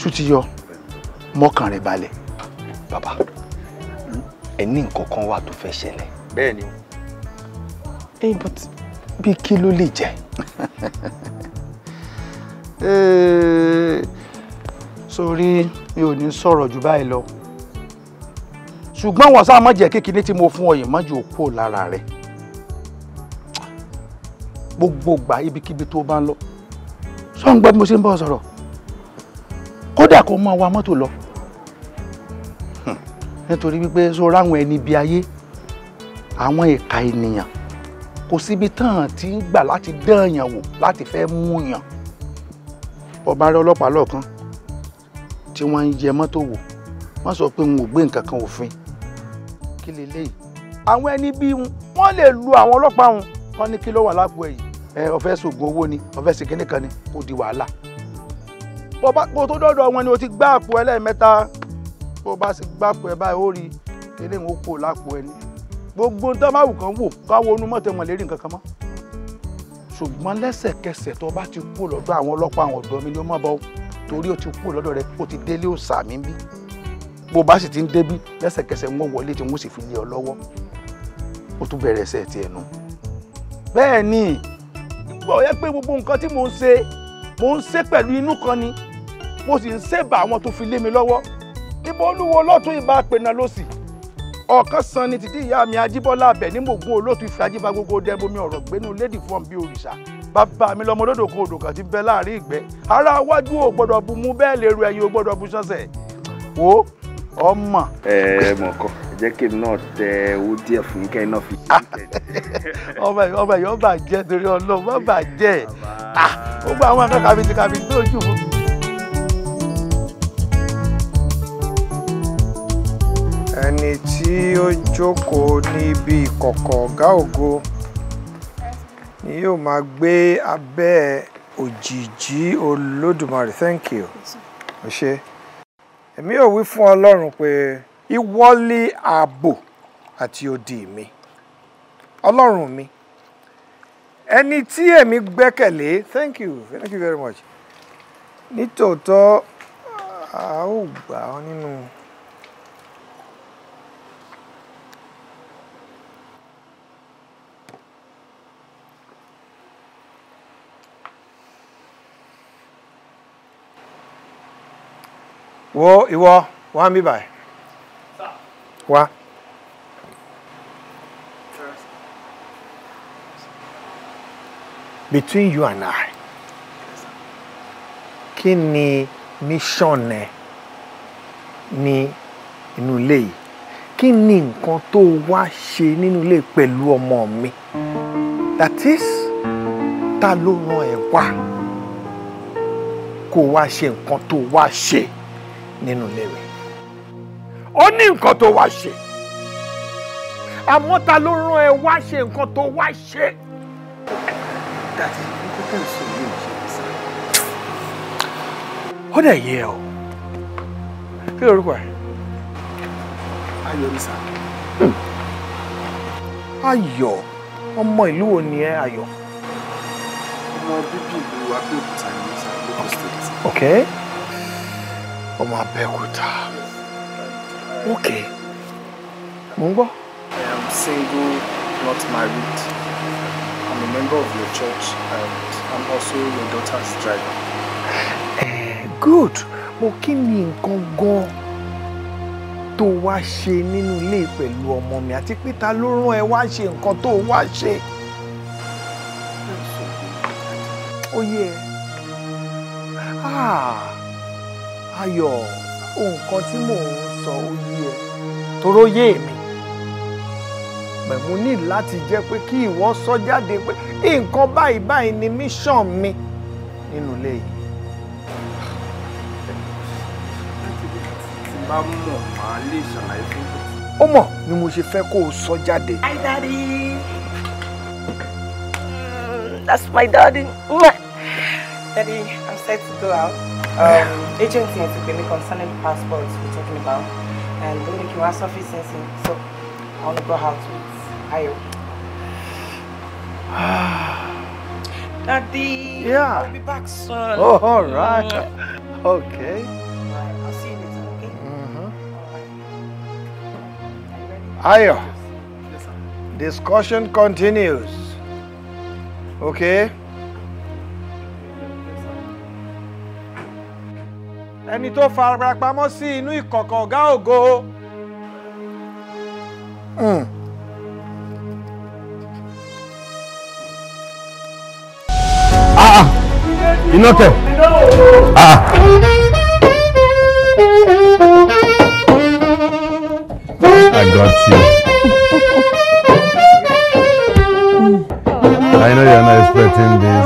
sútìyọ mọ́kàn rẹ̀ balẹ̀. bàbá ẹ ní nǹkan kan wà tó fẹ́ ṣẹlẹ̀. bẹ́ẹ̀ ni bí kí ló lè jẹ́. [LAUGHS] Eh, sórí mi ò ní sọ̀rọ̀ jù báyìí lọ ṣùgbọ́n wọ́n sáà má jẹ́ kékeré tí mo fún ọ yìí má jù òkú lára rẹ̀ gbogbo gbà ibikíbi tó bá ń lọ sọ ń gbọ́ bí mo ṣe ń bọ́ sọ̀rọ̀ kódà kó máa wa mọ́tò lọ nítorí wípé sọ ráwọn ẹni bí ayé àwọn ìka ènìyàn kò síbi tán ti ń gbà láti dán èèyàn wò láti fẹ́ mú èèyàn. ọba rẹ ọlọ́pàá lọ́ọ̀kan tí wọ́n ń yẹ mọ́tò wò wọ́n sọ pé n ò gbé nǹkan kan òfin kí leléyìí. àwọn ẹni bíi wọ́n lè lu àwọn ọlọ́pàá wọn wọ́n ní kí ló wà lápò ẹ̀yìn ẹ ọ̀fẹ́ sògùn owó ni ọ̀fẹ́ sì kíní kan ni kò di wàhálà. bó bá tó dọ́dọ̀ wọn ni o ti gbá àpò ẹlẹ́mẹ́ta bó bá sì gbá àpò ẹ báyìí ó rí eléyìí ó kó lápò ẹni gbogbo tó máa wù kán wò káwọ onú mọ́tẹ́ mọ̀ lérí nǹkan kan mọ́ ṣùgbọ́n lẹ́sẹ̀kẹsẹ̀ tó bá ti kú lọ́dọ̀ àwọn ọlọ́pàá àwọn ọ̀dọ́ mi ni ó mọ̀ bọ́ torí ó ti kú lọ́dọ̀ rẹ ó ti délé òòsà mi bí bó bá sì ti ń débí lẹ́sẹ̀kẹsẹ̀ wọ́n wọlé tí wọ́n sì fi lé ọ lọ́wọ́ ó tún bẹ̀rẹ̀ ẹsẹ̀ tiẹ̀ nu. bẹ́ẹ̀ ni ìgbà ọ̀yẹ́ pé gbogbo nǹkan tí mò ń ṣe mò ń ṣe pẹ̀lú inú kan ni mo sì ń ṣèbà àwọn tó fi lé mi lọ́wọ́ ìbọn olúwo lọ́tún ìbá pènà lọ́sì ọ̀kan san ni títí ìyá mi ajíbọ́lá abẹ ní mògún olóòtú ìfẹ́ ajíba gbogbo dẹ́bomi ọ̀rọ̀ gbénu lédi fún ọ̀nbí òrìṣà bàbá mi lọmọ olódò kan odò kan ti bẹ láàrin ìgbẹ́ ara wájú ò gbọ́dọ̀ bu mú bẹ́ẹ̀ lè ru ẹyin ò gbọ́dọ̀ bu sọ́sẹ̀ wo ọmọ. ẹ ẹ mọ̀ kọ́ jẹ́ kí n náà tẹ owó díẹ̀ fún kẹ́ iná fi jẹ́ [LAUGHS] ọmọ ọmọ yìí ọba jẹ́ torí ọlọ́run ọba jẹ́ ó ah, gba àwọn akẹ́kọ̀ọ́ àbí ti kàbí tó jù fún mi. ẹni tí ó jókòó ní ibi ìkọ̀kọ̀ ọ̀gá ògo ni yóò máa gbé abẹ́ òjìjí olódùmarè thank you ẹ ṣé èmi yóò wí fún ọlọ́run pé ìwọ́lé ààbò àti odi mi ọlọ́run mi ẹni tí èmi gbẹ́kẹ̀lé thank you thank you very much nítòótọ́ a ó gbà ọ́ nínú. No wo ìwọ wá ń bí báyìí between you and I kí ni mission ẹ ní inú ilé yìí kí ni nǹkan tó wá ṣe nínú that is ta ló rán ẹ wá kó wá ṣe nǹkan tó wá nínú ilé rẹ̀ ó ní nǹkan tó wá ṣe àmọ́ ta ló rán ẹ wá ṣe nǹkan tó wá ṣe. dadi nǹkan tẹ̀ ń sọ yìí ò ṣe é sá. ó dẹ̀ yé ẹ o kí lorúkọ ẹ. ayọ̀ sá. Hmm. ayọ̀ ọmọ ìlú wo ni ẹ ayọ̀. ọmọ bíbí ìlú abẹ́òkúta ni sá lókè state ọmọ abẹ́òkúta ok mo ń gbọ́. I am single not married I'm a member of your church and I'm also your daughter's driver. Eh, good mo kí ni nǹkan gan-an tó wá ṣe nínú ilé pẹ̀lú ọmọ mi àti pé ta ló rán ẹ wá ṣe nǹkan tó wá ṣe. ó yẹ ẹ́ ah ayọ̀ nǹkan tí mò ń sọ ó yé ẹ toró yé mi pẹ̀mú ní láti jẹ́ pé kí ìwọ sọ jáde pé nǹkan báyìí báyìí ni mission mi nínú ilé yìí. tí bá mọ̀ máa lè ṣàlàyé fún mi. ó mọ̀ ni mo ṣe fẹ́ kó o sọ jáde. hi daddy mm, that's my daddy. Mm. Daddy, I'm set to go out. Um, agency is going concerning passports we're talking about. And don't make the ask office is in. So I want to go out with Ayo. [SIGHS] Daddy, yeah. I'll be back soon. Oh, all right. [LAUGHS] Okay. Alright, I'll see you later, okay? Mm-hmm. Right. Ayo, yes, sir. discussion continues. Okay? ẹni tó farapamọ́ sí inú ìkọ̀kọ̀ ọ̀gá ògo. Hmm. Ah, ah. iná tẹ̀. Ah, ah. I got you. I know you're not expecting this.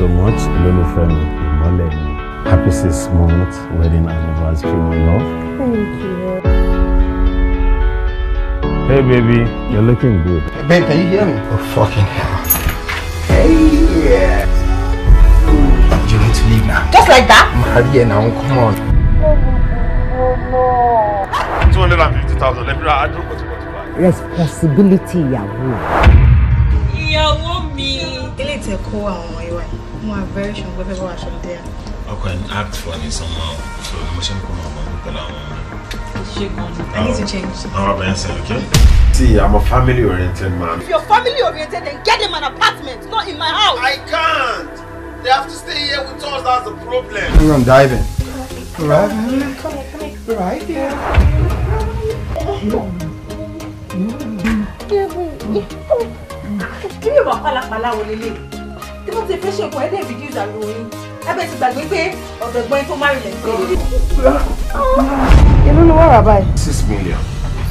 so much, Lolufemi Molemi. Happy six month wedding anniversary, my love. Thank you. Hey, baby, you're looking good. Hey, babe, can you hear me? Oh, fucking hell. Hey, yeah. You need to leave now. Just like that? Maria, now, come on. 250,000, let me I drew what you Responsibility, Yahoo. Yahoo, me. Delete a call, my wife. mo are very sure pé fẹ́ I can act funny somehow so ni mo ṣe ń kó mọ ọmọ I need to change. àwọn ọmọ yẹn okay? See, I'm a family oriented man. If you're family oriented, then get them an apartment, not in my house. I can't. They have to stay here with us, that's the problem. We're on diving. We're right here. Come on, come on. We're right here. Kí ni wàhálà pàlà wọlé lé? ti fẹ́ ṣe nǹkan ẹ̀ dẹ̀ fi díùsà lu ẹbẹ̀ ti gbàgbé pé ọ̀dọ̀ ẹ̀gbọ́n tó márùn lẹ̀ ń inú ni wọ́n rà báyìí. six million.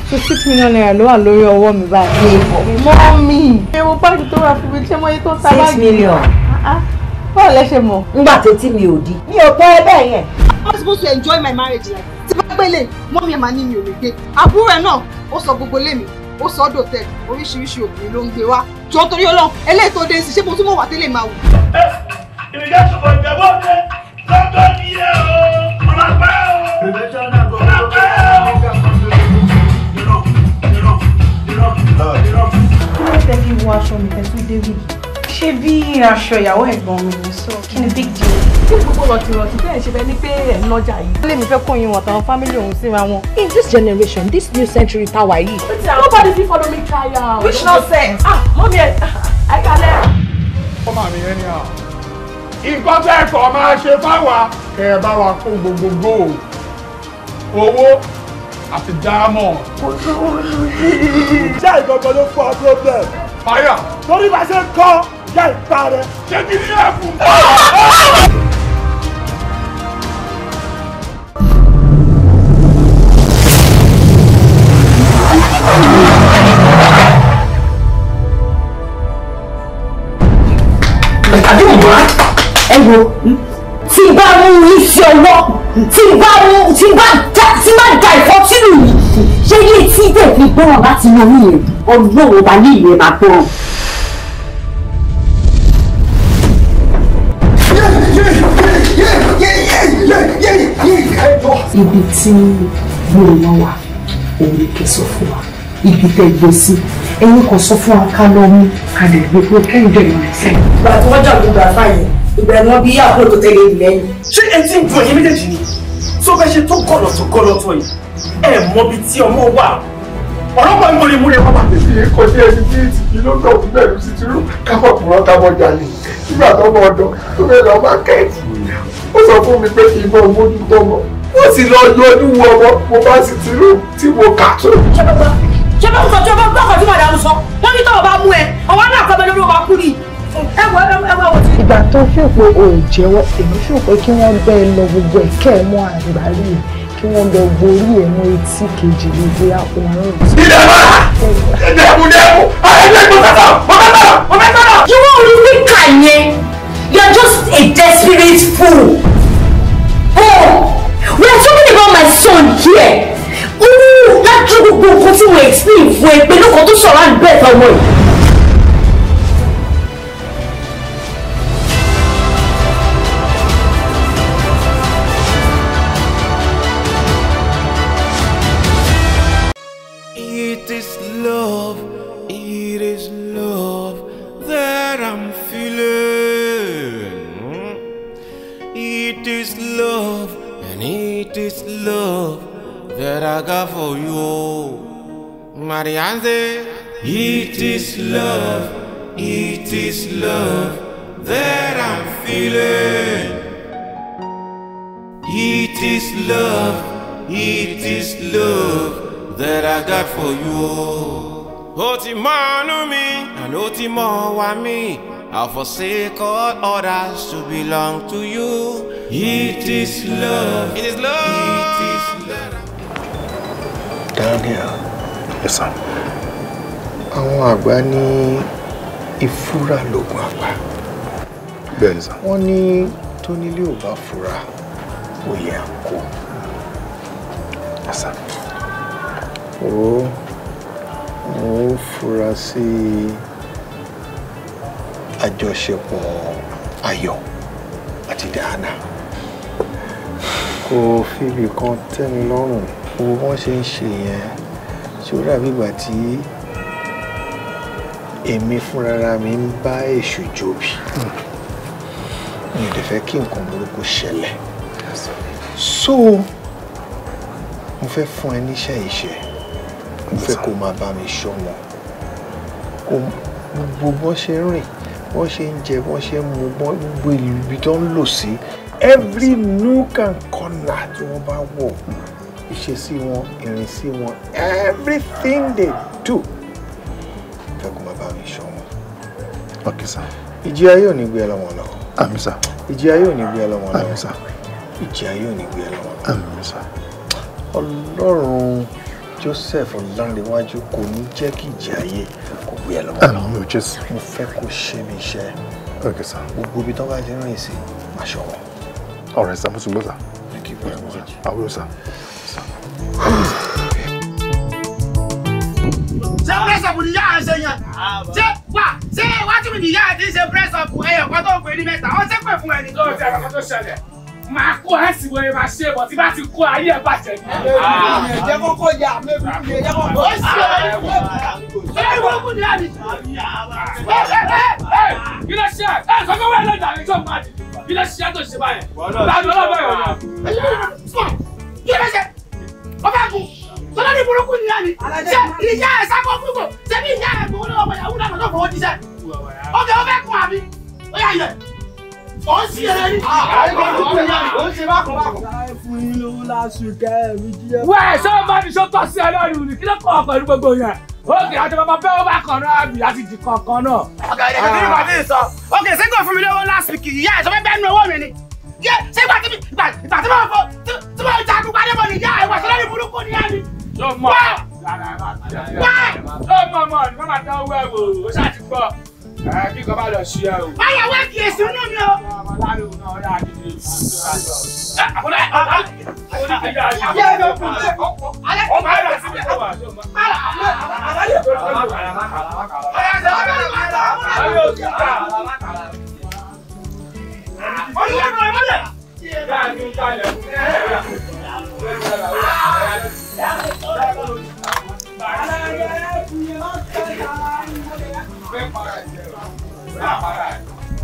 so six million naira ló wà lórí ọwọ́ mi báyìí. mọ́ mi. ewu báńkì tó rà fún mi ṣé mo yí tó ta báàgì. six million. Ah, ah. báwo lẹ ṣe mọ̀. ngbà tètè mi ò di. mi ò pẹ́ bẹ́ẹ̀ yẹn. I'm supposed to enjoy my marriage life. tí bá gbélé mọ́ mi ẹ̀ máa ní mi ò lè gbé àbúrò ẹ̀ náà ó sọ gbogbo lé mi ó sọ́dọ̀ tẹ̀ oríṣiríṣi obìnrin ló ń gbé wá jọ torí ọlọ́run eléyìí tó dé sí ṣé mo tún mọ̀ wá tẹ́lẹ̀ máa wù. ìrìnà ṣùgbọ́n ìjọba ọ̀tẹ lọ́dọ̀ ni ẹ o ọ̀nà pẹ́ o ọ̀nà pẹ́ o. ìrọ̀ ìrọ̀ ìrọ̀ ìrọ̀. kí ló fẹ́ kí n wọ aṣọ mi fẹ́ tún dé wí? ṣé bí aṣọ ìyàwó ẹ̀gbọ́n mi ni sọ kí ni big deal? in this generation this new century tàwa nobody be follow me try am. which nonsense. ah mọ́mí ẹ̀ ẹ̀ kalẹ̀. ọmọ mi yẹn ni à nǹkan tẹ́ ẹ̀kọ́ máa ṣe fáwa kẹ́ ẹ bá wa kó gbogbo gold owó àti diamond. ṣé ìgbọ̀ngàn ló fọ́ fire. Don't even ṣe ń kọ́ jẹ́ ìparẹ́. ṣé kí ni [LAUGHS] ẹ wo tí bá mú yín sí ọwọ́ tí bá mú tí bá da tí bá da ìfọ́sílù yìí ṣé ilé tí tẹ̀fí gbọ́ràn láti yan mí yẹn ọlọ́run ọba ní ìyẹn máa gbọ́ràn. ibi tí gbòòrò wà òun ni kẹsàn-án fún wa ibi tẹ́ gbé sí ẹ̀yin kò sọ fún wa ká lọ mú ká lè gbé fún kẹ́hìndé rẹ̀ sẹ́yìn. ìgbà tí wọ́n jà ló gbà fáyẹn ìgbà ni wọ́n bí àbúrò tó tẹ̀lé ìlú lẹ́yìn. ṣé ẹ ti ń bu ẹyin méjèèjì ni tó fẹ́ ṣe tó gọ̀lọ̀ tó gọ̀lọ̀ tó yìí ẹ mọ ibi tí ọmọ wà ọlọ́pàá ń borí múlẹ̀ pápá. ìdílé kò ṣe ẹni tí ìlọ́dọ̀ ọ̀tún bẹ̀rù sí ti rú káfọ̀ kúrọ́ tábọ̀ jalè ṣé bá kúkọ tí o bá gbọ́ ọkọ̀ màdàmú sọ wọ́n ní tọ́wọ́ bá mú ẹ ọwọ́ náà kọ́ bẹ lórí ọba kú ni ìgbà tó fi òpè o jẹ́wọ́ èmi fi òpè kí wọ́n bẹ́ ẹ lọ gbogbo ẹ̀kẹ́ ẹ̀ mọ́ àgbà kí wọ́n lọ borí ẹ̀ mọ́ etí kejì ní ìgbé àpòmọ́ràn. ìdẹ̀mú ayẹyẹ mọ́tàtà you are just a desperate fool. oh we are talking about my son here. Olu lájú gbogbo nǹkan tí mo explain fún ẹ pé lóko tó sọ̀rọ̀ àgbẹ̀ ẹ̀fọ́ ọmọ yìí It is love, it is love that I'm feeling. It is love, it is love that I got for you. Ó ti mọ́nú mi, and ó ti mọ̀ wá mi. I'll forsake all others to belong to you. It is love. It is love. It is love. Down here. Yes, sir. Àwọn àgbà ní ìfúra lògùn àgbà. Bẹ́ẹ̀ ni, sir. Wọ́n ní tónílé ò bá fura, òye àkó. Yes, sir. Ó mo ń fura sí àjọṣepọ̀ ayọ̀ àti dáadáa. Kò fi ibì kan tẹ́ mi lọ́rùn. Owó wọ́n ṣe ń ṣe yẹn tí ó dàbí ìgbà tí èmi fúnra mi ń bá èṣù jóbi mi ò dẹ̀ fẹ́ kí nǹkan burúkú ṣẹlẹ̀ so mo fẹ́ fún ẹ níṣẹ́ ìṣe mo fẹ́ kó máa bá mi ṣọ́ wọn kó gbogbo bọ́n ṣe ń rìn bọ́n ṣe ń jẹ bọ́n ṣe ń mu bọ́n gbogbo ìlú ibi tó ń lò sí every nook and corner tí wọ́n bá wọ̀. Mm ìṣesí wọn ìrìnsí wọn everything they do fẹ́ kó má bá mi ṣọ́ wọn. ok sir. ìjì ayé ò ní gbé ẹ lọ́wọ́ lọ. àmín sir. ìjì ayé ò ní gbé ẹ lọ́wọ́ lọ. àmín sir. ìjì ayé ò ní gbé ẹ lọ́wọ́ lọ. àmín sir. ọlọ́run joseph ọlánrewájú kò ní jẹ́ kí ìjì ayé kò gbé ẹ lọ́wọ́ lọ. àmín jésù. mo fẹ́ kó ṣe mi iṣẹ́. ok sir. gbogbo ibi tó bá ti rìn sí aṣọ wọn. ọ̀rẹ́ sàmúsùn gbọ́dọ̀. thank you very much. àwòrán sà ṣé press up ni yáa ṣe yẹn ṣé wà ṣé wájú mi ni yáa ti ṣe press up ẹyọ kan tó ń pè ní mẹ́ta ó ṣe pè fún ẹni tó ń ṣe ẹ̀ka tó ṣẹlẹ̀ máa kó ẹ̀sì wo ni máa ṣe bọ̀ tí bá ti kó ayé ẹ̀ bàjẹ́ ní. ẹ̀jẹ̀ kókó ya mẹ́bí mi ẹ̀jẹ̀ kókó. ó ṣe é ṣe é wọ́n kú ní àmì. ẹ ẹ ẹ ẹ kí ló ṣe ẹ kọ́kọ́ wẹ̀ lọ́jà ní tó máa dì kí ló ṣe é tó ọba kù sọlọ́dún burúkú ni yáni ṣe ìyá ẹ̀ sákó fúnbọ̀ ṣebí ìyá ẹ̀ gbowó lọ́wọ́ ìyàwó náà lọ́dọ̀ fọwọ́ díṣẹ́ ọbẹ̀ ọbẹ̀ kù àbí ó yà yẹ ó ń sí ẹrẹ ní. ó ń ṣe bákan bákan. fún yín lówó láṣù kẹrin díẹ̀. wẹ́ẹ̀ ṣé o máa ní sọ tọ́ sí ẹlọ́run ni kí ló kọ́ ọkọ̀ ní gbogbo yẹn ókè àti bàbá bẹ́ẹ̀ ó bá kàn náà bì láti di kankan náà. ọ̀gá ìdẹ̀kẹ́ kí ni bàbá yìí sọ. ókè ṣé kò fún mi lówó láṣù kì í yá ẹ̀ sọ fẹ́ bẹ́ẹ̀ nu owó mi ni. ṣé ìgbà tí mo fọ kan wú ẹ̀wò ó ṣáà ti gbọ́ kí nǹkan bá lọ sí ẹ o. báyọ̀ wá kí èsì inú mi o. ọlọ́run náà ọ̀rẹ́ àdìdì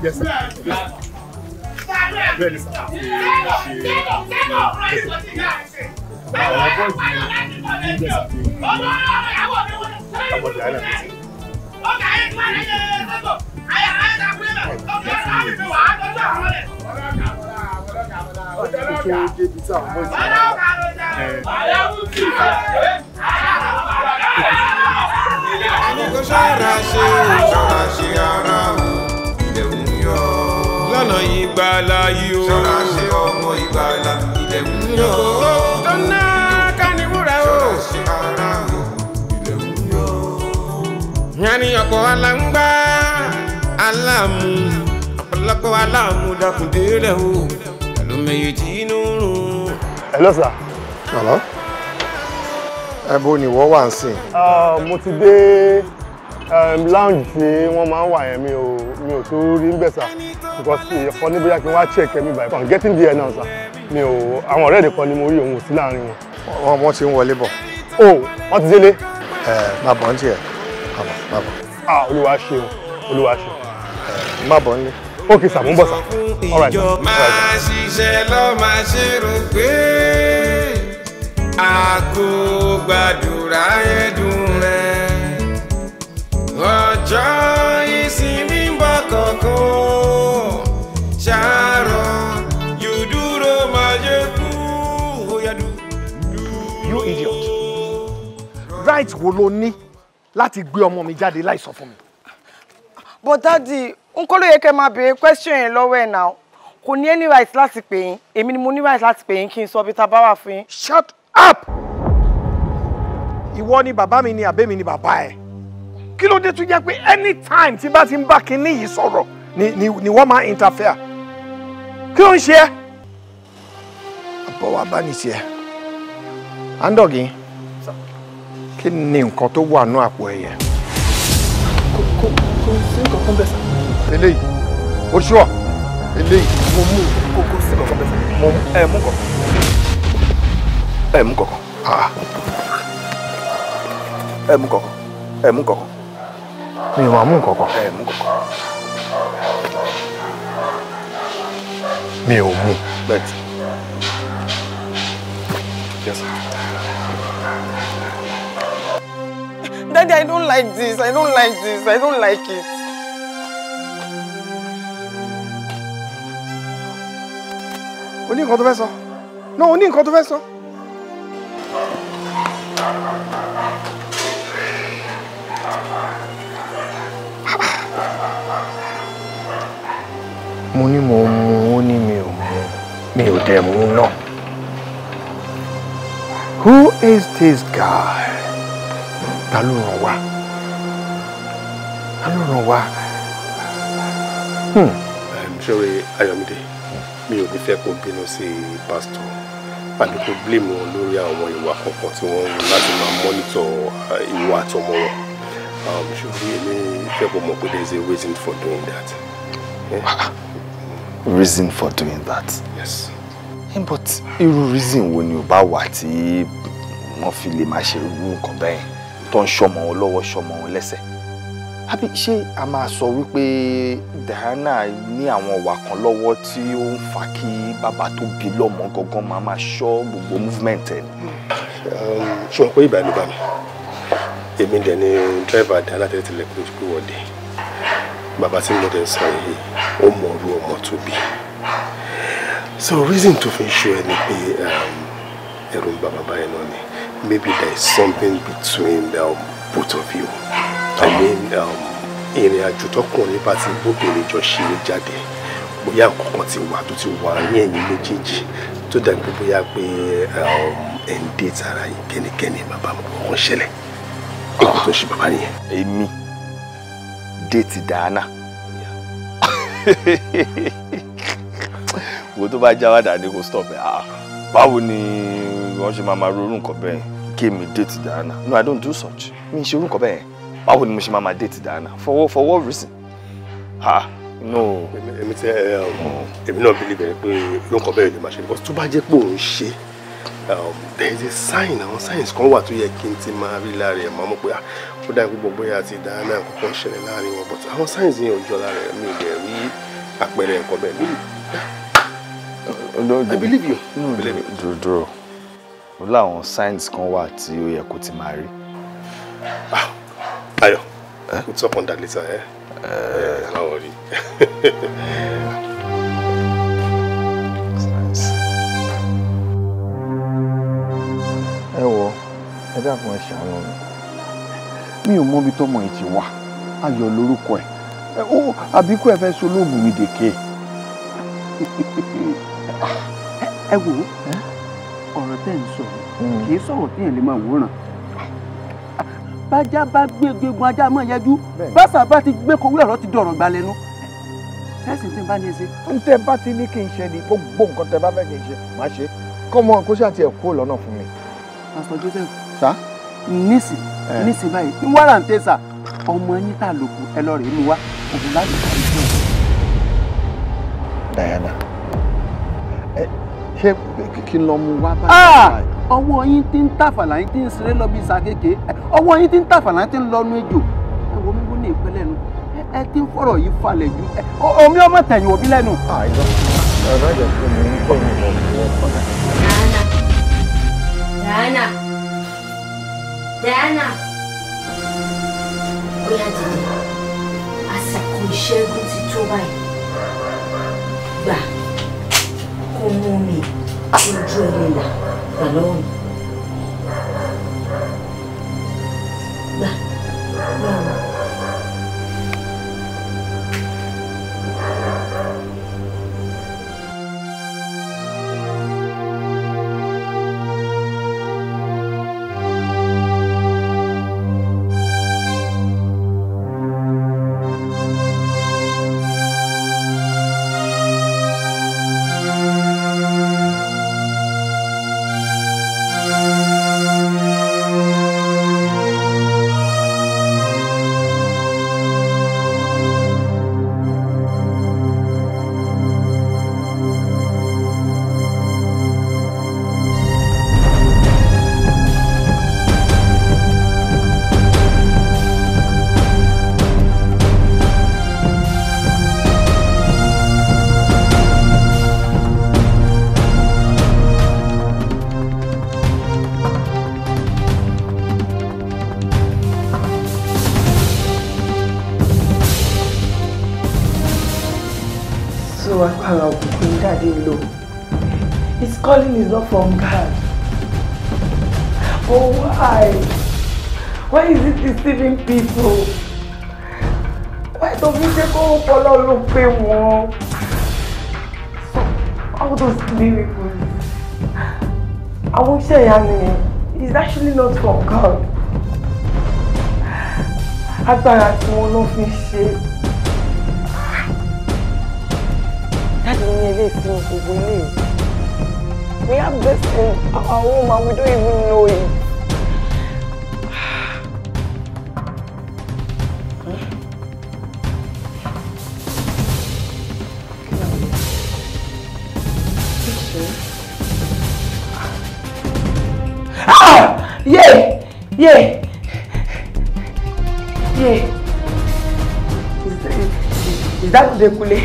Yes, sir. Bẹ́ẹ̀ni sá. Àwọn bọ́ọ̀sì ni ìgbẹ́ sá ti ń bọ̀. Àbọ̀dé àyà mi ti. Ọkà yẹn kí wọ́n lè yẹ ẹ̀ẹ́dẹ́gbọ̀. Ayà ayà ta kúlẹ̀ náà. Ọkà yẹn láàbì mi wà á tọ́jú àwọn rẹ̀. Ọlọ́kà ọlọ́kà ọlọ́kà ọlọ́kà. Ó débi tí àwọn bọ́ọ̀sì. Ọlọ́kà ló jà. Ọlọ́kà ló jà. Ẹni kò ṣọ́ra ṣe ò ṣọ́ra ṣe ara ọ̀nà ìgbàlà yìí o. ṣọ́ra ṣe ọmọ ìgbàlà ilẹ̀kùn yọ. tó káníwúrà o. ṣọ́ra ṣe ara o ilẹ̀kùn yọ. yanni ọ̀pọ̀ aláǹgbá aláàmú ọ̀pọ̀lọpọ̀ aláàmú dàkúndé rẹ̀ o. ẹlòmẹ̀yẹ tí inú rùn. ẹ lọ sà. ẹ bó ni wọ́n wà ń sìn. Ah, mo ti dé lounge tí wọ́n máa ń wà yẹn mi ò mi ò tó rí ń gbẹ̀sà because ìyẹ̀kọ́ ní bóyá kí n wá check ẹ̀mí by. I'm getting there now sir mi ò àwọn ọ̀rẹ́ nìkan ni mo rí òun ò sí láàrin wọn. wọ́n ti ń wọlé bọ̀. o oh, wọ́n ti délé. ẹ má bọ̀ ń tiẹ̀ má bọ̀. ah olúwa ṣe o olúwa ṣe. ẹ má bọ̀ ń lé. ok sir mo ń bọ̀ sir. ìjọ máa ṣiṣẹ́ lọ́ máa ṣe rò pé àgbo gbàdúrà ẹ̀dùn rẹ̀ ọjọ́ ìsinmi ń bọ̀ kankan ṣàárọ̀ yóò dúró máa yẹ kú óyá you idiot right wo ló ní láti gbé ọmọ mi jáde láì sọ fún mi. but daddy n kọ́ ló yẹ kẹ́ máa béèrè question yẹn lọ́wọ́ ẹ̀ náà kò ní any right láti pè yín èmi ni mo ní right láti pè yín kí n sọ bí ta bá wà fún yín. shut up ìwọ ni bàbá mi ni àbẹ́mi ni bàbá ẹ̀ kí ló dé tó jẹ́ pé anytime tí bá ti ń bá kinní yìí sọ̀rọ̀ ni ni ni wọ́n máa interfere kí ló ń ṣe ẹ́. àbọ̀ wa bá ní tiẹ̀ andọ́gì kí ni nǹkan tó wà nú àpò ẹ̀yẹ. kò kò kò sí nǹkan kan bẹ́ẹ̀ sá. eléyìí o ṣọ́ eléyìí mo mú kò kò sí nǹkan kan bẹ́ẹ̀ mo ẹ mú kọ̀ ẹ mú kọ̀kan ah. ẹ mú kọ̀kan ẹ mú kọ̀kan mi Daddy, I don't like this. I don't like this. I don't like it. o ní nǹkan tó fẹ́ sọ náà o ní nǹkan tó fẹ́ sọ. mo ní mo mu ó ní mi ò mu mi ò dẹ̀ mu náà. who is this guy? ta ló ràn wá? ta ló ràn wá? ṣòro Ayọ̀mídé mi ò ní fẹ́ kó bínú sí pásítọ̀ àti kó blame wọn lórí àwọn ìwà kọ̀ọ̀kan tí wọ́n ń láti máa mọ́nítọ̀ uh, ìwà àtọmọ wọn um, ṣòro èmi fẹ́ kó mọ̀ pé there is a reason for doing that. Eh? reason for doing that. Yes. Yeah, but irú reason when you ò bá wà tí wọ́n fi lè máa ṣe irú nǹkan bẹ́ẹ̀ tó ń ṣọmọ wọn lọ́wọ́ ṣọmọ wọn lẹ́sẹ̀. Àbí ṣé a máa sọ wípé Diana ní àwọn ọ̀wà kan lọ́wọ́ tí ó ń fa kí bàbá tó bí lọ́mọ gangan máa máa gbogbo movement ẹ̀? Um, ṣé wọn pé ìgbà ló bá mi? Èmi dẹ̀ ni dírẹ́fà Diana tẹ́lẹ̀ tẹ́lẹ̀ kó tó wọlé. Bàbá tí mo dẹ̀ sọ yìí, ó mọ̀ ọ́rú tóbi so reason to fi ń ṣó ẹ ni pé um, ẹ̀rù ń maybe there is something between um, both of you i mean um, ìrìn àjò tọkùnrin bá ti bóbìnrin jọ ṣe we are bóyá nǹkan kan ti wà tó ti wà ní ẹ̀yìn méjèèjì tó dàgbé bóyá pé ẹ̀ um, ń dé tara yìí kẹ́nikẹ́ni bàbá mi kò ń ṣẹlẹ̀ nǹkan tó ṣe bàbá yẹn. èmi déètì dáná wo tó bá jáwá dàdé kò stop ẹ ah báwo ni wọn ṣe máa ma ronú nǹkan bẹ́ẹ̀ kéèmí déètì Diana no i don't do such mi ṣe orúkọ bẹ́ẹ̀ báwo ni mo ṣe máa ma déètì Diana for for what reason ah no. èmi tẹ ẹ um, èmi náà bí libẹ̀ pé lóǹkọ bẹ́ẹ̀ ni màá ṣe because tó bá jẹ́ pé òun ṣe um, there is a sign àwọn signs kan wà tó yẹ kí n ti máa rí lára ẹ̀ máa mọ̀ pé ah, ó dá ikú gbogbo yẹn àti Diana kọ́kọ́ ṣẹlẹ̀ láàrin wọn but àwọn sáyẹ̀nsì yẹn ò jọ lára ẹ̀ mi ìdẹ̀ rí àpẹẹrẹ ẹ̀kọ́ bẹ́ẹ̀ mi. I believe you. dúró ó láwọn sáyẹ̀nsì kan wà tí ó yẹ kó ti máa rí. Ah, Ayọ̀ we eh? talk on that later. Eh? Uh, yeah, no worry. [LAUGHS] ẹ wọ ẹ dákun ẹ ṣàánú mi mi ò mọbi tọmọ ẹ ti wà ayọ̀ lórúkọ ẹ ó àbíkú ẹ fẹ́ solóògùn mi dèké. [LAUGHS] ẹ wò ó ọ̀rọ̀ tẹ́ ń sọ hmm. kì í sọ̀rọ̀ tí èèyàn lè máa wòran bájá bá gbé gbégun ajá mọ́ yẹjú báṣà bá ti gbé kowé ọ̀rọ̀ ti dọ̀rọ̀ gbalẹ̀ nu sẹ́sìn tí n bá ní í ṣe. n tẹ bá ti ní kí n ṣe ni gbogbo nǹkan tẹ bá fẹ́ kí n ṣe máa ṣe kọ́mọ kó ṣáà tiẹ̀ kú lọ́nà fún mi. pásítọ̀ Joseph. sá nísì eh. nísì báyìí ní wàràǹtẹ̀sà ọmọ yín tà lóko ẹ lọ rèé mu wá òun láti parí jù. Diana eh, ṣé kí n lọ mu wá báyìí. Ah! ọwọ́ yín ti ń tàfàlà yín ti ń ṣeré lọ bí sàkéèké ọwọ́ yín ti ń tàfàlà yín ti ń lọ́nu ejò ẹ wo mi kó ní ìpínlẹ̀ nu ẹ ti ń fọ̀rọ̀ yìí falẹ̀ ju omi ọmọ tẹ̀yìn òbí lẹ́nu. àìsàn ah, ọ̀rọ̀ ìjọba mi ń kọ́ mi lọ sí ọ̀pọ̀ náà. Diana Diana. Diana ó yá dìde àsìkò ìṣẹ́gun ti tó báyìí gbà kó mú mi lójú ẹni là gbà lọ́wọ́ mi gbà lọ́wọ́ not from God. Oh, why? Why is it deceiving people? Why don't we take all color look more? So, all those miracles. I won't say any. It's actually not from God. I tí wọn ló fi ṣe. Jáde ní ilé ìsinmi gbogbo ilé yìí. We have this in our room, and we don't even know it. Ah! Yeah! Yeah! Yeah! Is that, is that Dekule?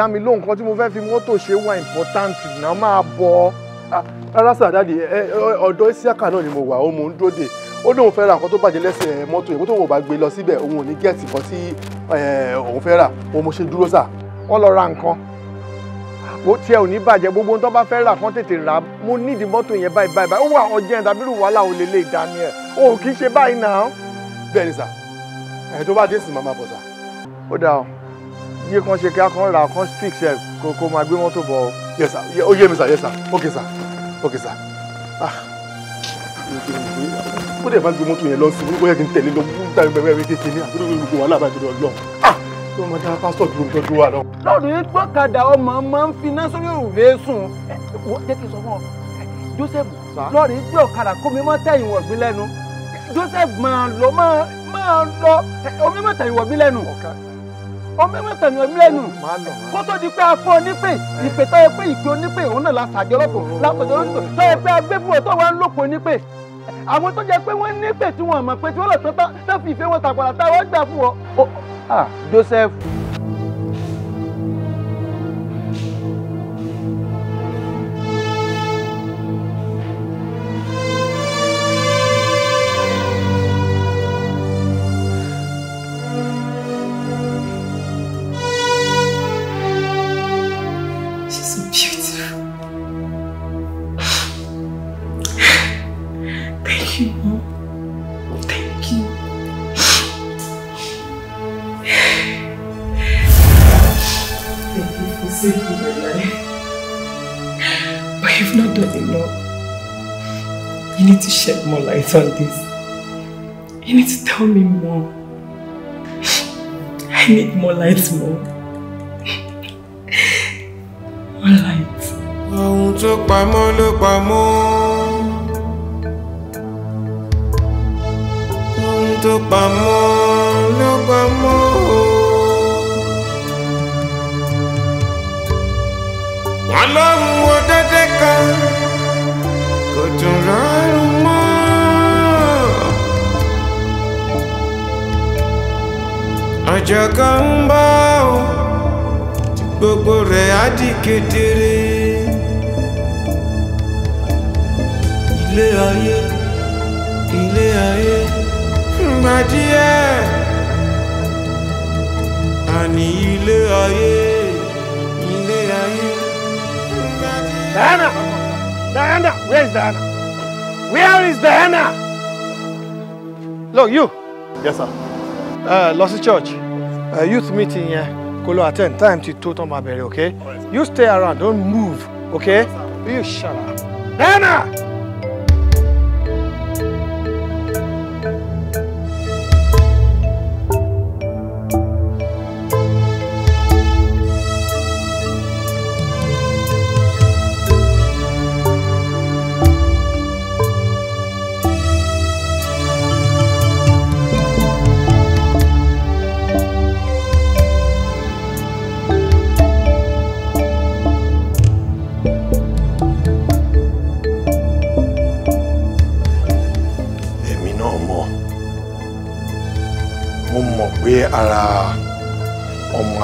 dá mi lóhùn kan tí mo fẹ́ fi mọ́tò ṣe wà important náà máa bọ̀ ọ́. Ah, rárá sà dáàdi ọ̀dọ̀ Isiaka náà ni mo wà ó mò ń dúró dè ó lóun fẹ́ ra nǹkan tó bàjẹ́ lẹ́sẹ̀ mọ́tò yẹn kó tóun ò bá gbé lọ síbẹ̀ òun ò ní gẹ̀ẹ́tì kan tí òun fẹ́ rà òun mo ṣe dúró sà wọ́n lọ ra nǹkan wo tiẹ̀ ò ní bàjẹ́ gbogbo ohun tó bá fẹ́ rà kán tètè rà mo nídìí mọ́tò yẹn báyìí báyìí báyìí ó wà ọjẹ́ ẹ̀ dàbí wàhálà ò lè lè dání ẹ̀ o kì í ṣe báyìí náà. bẹ́ẹ̀ sà ẹ̀ tó bá dé sí màmá bọ̀ sà. ó dáa o yé kan ṣe kí a kan ra kan fix ẹ kó kó máa gbé mọ́tò bọ̀. yes sir ó yé mi sir yes sir ok sir ok sir ah ó dẹ̀ bá gbé mọ́tò yẹn lọ sí i ó yẹ kí n tẹ̀lé lọ fún tàbí bẹ̀rẹ̀ bẹ̀rẹ̀ kékeré ní àbúrò gbogbo wàhálà bá dúró lọ ah ló máa dá pásítọ̀ dúró tó dúró wa lọ. lọ́ọ̀dún yìí gbọ́kadà ọmọ máa ń finá sórí òrùlé sùn wọ́n jẹ́ kí n sọ fún ọ Joseph lọ́ọ̀dún yìí gbọ́kadà kó mi mọ́ tẹ̀yìn wọ̀gbìn lẹ́nu Joseph máa lọ máa lọ omi mọ́ tẹ̀yìn wọ̀gbìn lẹ́nu ọmọ mẹ́ta ni ọmọ lẹ́nu kó tó di pé a fún ọ nípè ìpè tó yẹ pé ìpè onípè òun náà la sàjọ lọ́tọ̀ oh. látọ̀jọ́ lọ́tọ̀ tó yẹ pé agbébúrò tó wà ń lòpọ̀ nípè àwọn tó jẹ pé wọ́n nípè tí wọ́n mọ̀ pé tí wọ́n lọ tán tán fi ìfẹ́ wọn tàpàlà táwọn gbà fún ọ. Ah, Joseph it's all this? You need to tell me more. I need more lights, more. more lights. Ohun tó pamọ́ ló pamọ́. Ohun tó pamọ́ ló pamọ́. ọjọ́ kan ń bọ̀ ó tí gbogbo rẹ̀ á di kedere. ilé ayé ilé ayé fúngbà díẹ̀ àní ilé ayé ilé ayé fúngbà díẹ̀. Diana Diana where is Diana where is Diana. Look you. Yes sir. Uh, lọ sí church uh, youth meeting here. kó attend time to tó tán máa okay you stay around don't move okay you shut up. Dana!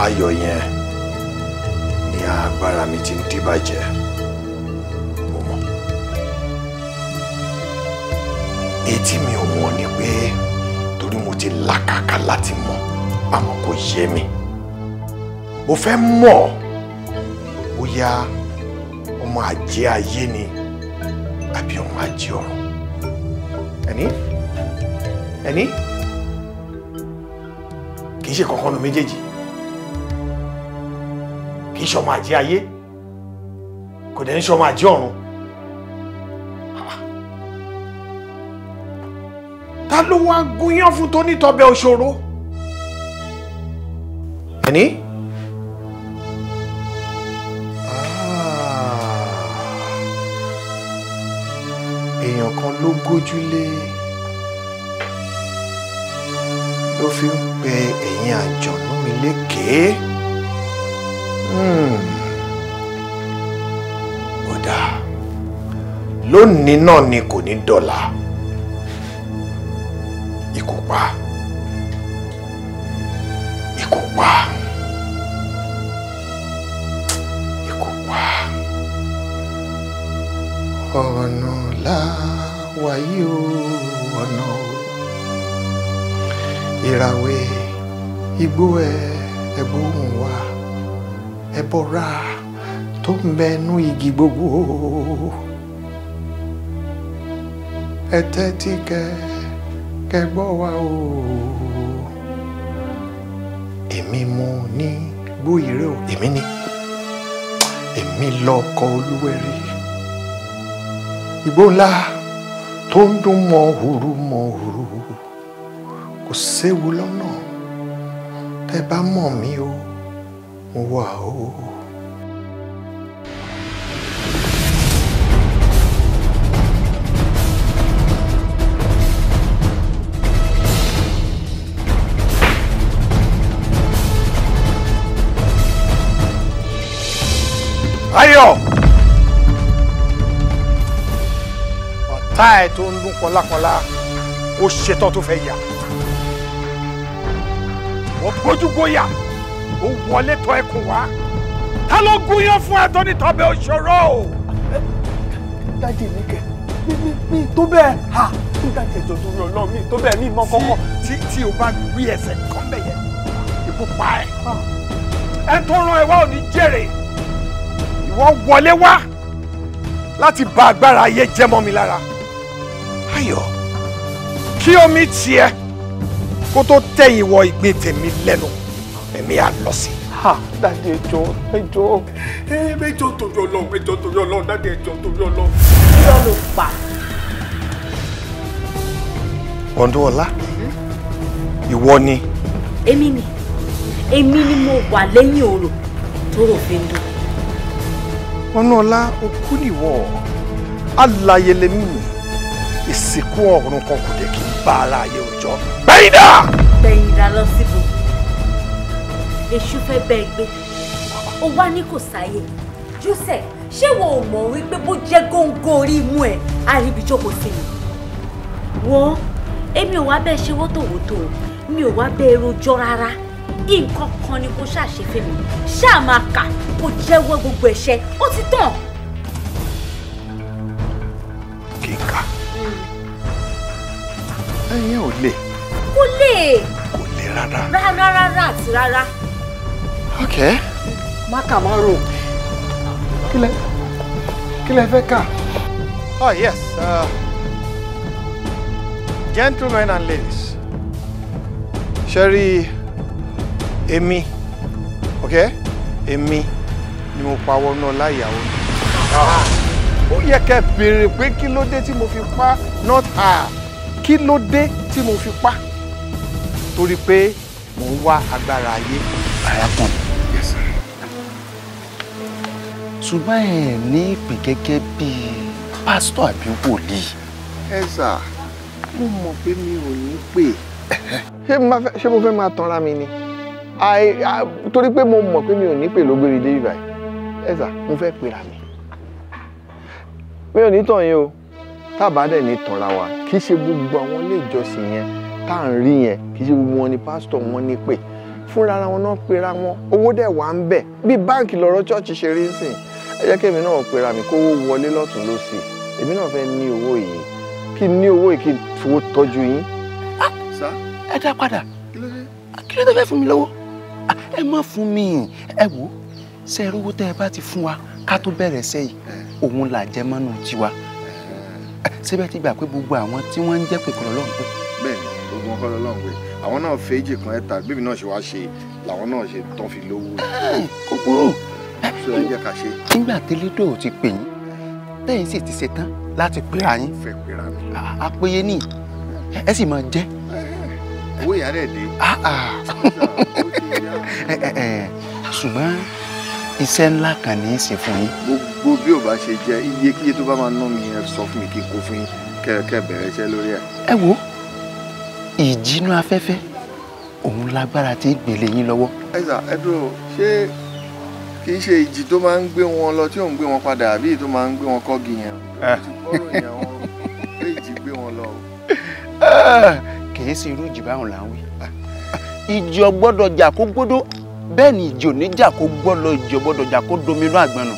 ayọ̀ yẹn ni agbára mi ti ń díbàjẹ́ o mọ̀ etí mi ò mọ̀ ni pé torí mo ti làkàkà láti mọ̀ àmọ́ kò yé mi mo fẹ́ mọ̀ bóyá ọmọ àjẹ ayé ni àbí ọmọ àjẹ ọ̀run ẹni ẹni kì í ṣe kankan nu méjèèjì í ṣọmọ àjẹ ayé kò dẹ̀ ń ṣọmọ àjẹ ọ̀run ta ló wá gúnyán fún tó nítọ́bẹ̀ òṣòro ẹni. Ah. èèyàn kan ló gójúlé ló fi ń pe ẹ̀yin àjọ̀nú mi lékèé ó dáa lónìí náà ni kò ní dọ̀la ikú pa ikú pa ikú pa ọ̀nà la wáyé o ọ̀nà o ìràwé igbó ẹ ẹ̀gbóhùn wa. ẹbọra tó ń bẹ nú igi gbogbo ooo; eteti kẹ kẹ gbọ́ wa o èmi mo ní gbó ìrẹ́ o èmi ni èmi lọkọ olúwẹ̀rí ìgbó ńlá tó ń dún mọ òru mọ òru kò séwu lọ́nà tẹ́ bá o. mo wà o. ayọ̀ ọ̀tá ẹ̀ tó ń lù kọlákọlá ó ṣetán tó fẹ́ yà wọ́n gbójú gbóyà. O wọlé tọ ẹkùn wá ta ló gúnyán fún ẹ òṣòro o. dájì mi kẹ mi mi tó bẹ́ẹ̀ ha mi dájì ẹjọ́ tó rí Ọlọ́run mi tó bẹ́ẹ̀ mi mọ kọ́kọ́. tí tí o bá rí ẹsẹ̀ kan bẹ yẹn ikú pa ẹ ẹ tó rán ẹ wá ò ní jèrè ìwọ wọlé wá láti bà agbára ayé jẹ́ mọ́ mi lára ayọ̀ kí omi tiẹ̀ kó tó tẹ̀yìn wọ ìgbín tèmi lẹ́nu èmi á lọ sí. ha dáadé ẹjọ ẹjọ. ẹ mẹjọ torí Ọlọ́run mẹjọ torí Ọlọ́run dáadé ẹjọ torí Ọlọ́run. kí ló pa. Ọ̀dúnọlá ìwọ ni. èmi ni èmi ni mo wà lẹ́yìn orò tó rò fi ń dùn. Ọ̀dúnọlá okú nìwọ alàyè lèmi mi ìsìnkú ọ̀run kan kò dé kí n bá ara ayé òjọ́ bẹ́yìn dà. lọ síbò èṣù fẹ́ bẹ́ẹ̀ gbé ó wá ní kò sáyè joseph ṣé wo ò mọ̀ wípé bó jẹ́ góńgó orí imú ẹ̀ á rí ibi jókòó sí mi. wọ́n èmi ò wá bẹ́ẹ̀ ṣe wótòwótò mi ò wá bẹ́ẹ̀ rojọ́ rárá nǹkan kan ni kò ṣàṣe fún mi ṣáà máa kà kó jẹ́wọ́ gbogbo ẹ̀ṣẹ̀ ó ti tàn. kíkà ẹyẹ ò lè. kò lè. kò lè rárá. rárá rárá àti rárá. Okay. Má kà má rò. Kí lẹ fẹ́ kà? Oh yes. Uh, gentlemen and ladies. Ṣẹ́rí èmi okay èmi ni mo pa wọnú ọlá ìyàwó mi. Ah, ó yẹ kẹ́ béèrè pé kí ló dé tí mo fi pa not her kí ló dé tí mo fi pa torí pé mò ń wá agbára ayé. arákùnrin ṣùgbọ́n ẹ̀ ní ìpè gẹ́gẹ́ bíi pásítọ̀ àbí wòlíì. ẹ sà mo mọ̀ pé mi ò ní pè. ṣé mo fẹ́ máa tanra mi ni torí pé mo mọ̀ pé mi ò ní pè ló gbére dé ibà ẹ sà mo fẹ́ pera mi. mi ò ní tàn yín o tábà dẹ̀ ní tanra wa kì í ṣe gbogbo àwọn ilé ìjọsìn yẹn tá à ń rí yẹn kì í ṣe gbogbo wọn ni pásítọ̀ wọn ní pè fúnra wọn náà pera wọn owó dẹ̀ wà ń bẹ̀ bí báǹkì lọ́rọ̀ ṣọ́ọ̀ṣì ṣe rí sìn ẹ jẹ́ kí èmi náà pera mi kówó wọlé lọ́tún lọ́sì èmi náà fẹ́ ní owó yìí kí n ní owó yìí kí n fowó tọ́jú yín. Ah! ẹ dá padà kí ló dé fẹ́ fún mi lọ́wọ́ ah, ẹ má fún mi ẹ wò ó ṣe é rówó tẹ́ ẹ bá ti fún wa ká tó bẹ̀rẹ̀ sẹ́yìn eh. òun là jẹ́ mọ́nú tiwa síbẹ̀ eh. ti gbà pé gbogbo àwọn tí wọ́n ń jẹ́ pé kọlọ́ lọ́hùn pé. bẹ́ẹ̀ni gbogbo wọn kọlọ lọ́hùn pé àwọn náà fèéjì kan ẹ̀ta bíbí náà ṣe wá ṣe làwọn náà ṣe tán fi lówó. Eh, kò kúrò sọ ẹ jẹ́ ká ṣe. nígbà tẹ́lẹ́dọ̀ ti pè yín tẹ́yìn sì ti ṣe tán láti pera yín. fẹ́ pera mi. àpèyẹ ní ẹ sì máa jẹ́. owó ìyá rẹ̀ dé. ṣùgbọ́n iṣẹ́ ńlá kan ní í ṣe fún yín. gbogbo bí o bá ṣe jẹ iye kíye tó bá máa ná mi yẹn sọ fún mi kí n kó fún yín kẹ̀kẹ́ bẹ̀rẹ̀ iṣẹ́ lórí ẹ̀. ẹ wo ìjínú afẹ́fẹ́ òun lágbára tí gbèlè yín lọ́wọ́. ẹ sà ẹ dúró ṣé kì í ṣe ìjì tó máa ń gbé wọn lọ tí ò ń gbé wọn padà àbí tó máa ń gbé wọn kọ́gi yẹn ah. ìjì gbé wọn lọ. Ah. kì í ṣe irú ìjì báwọn là ń wí ah. ìjì ò gbọ́dọ̀ jà kó gbọ́dọ̀ bẹ́ẹ̀ ni ìjì ò ní jà kó gbọ́dọ̀ ìjì ò gbọ́dọ̀ jà kó dominú àgbọnà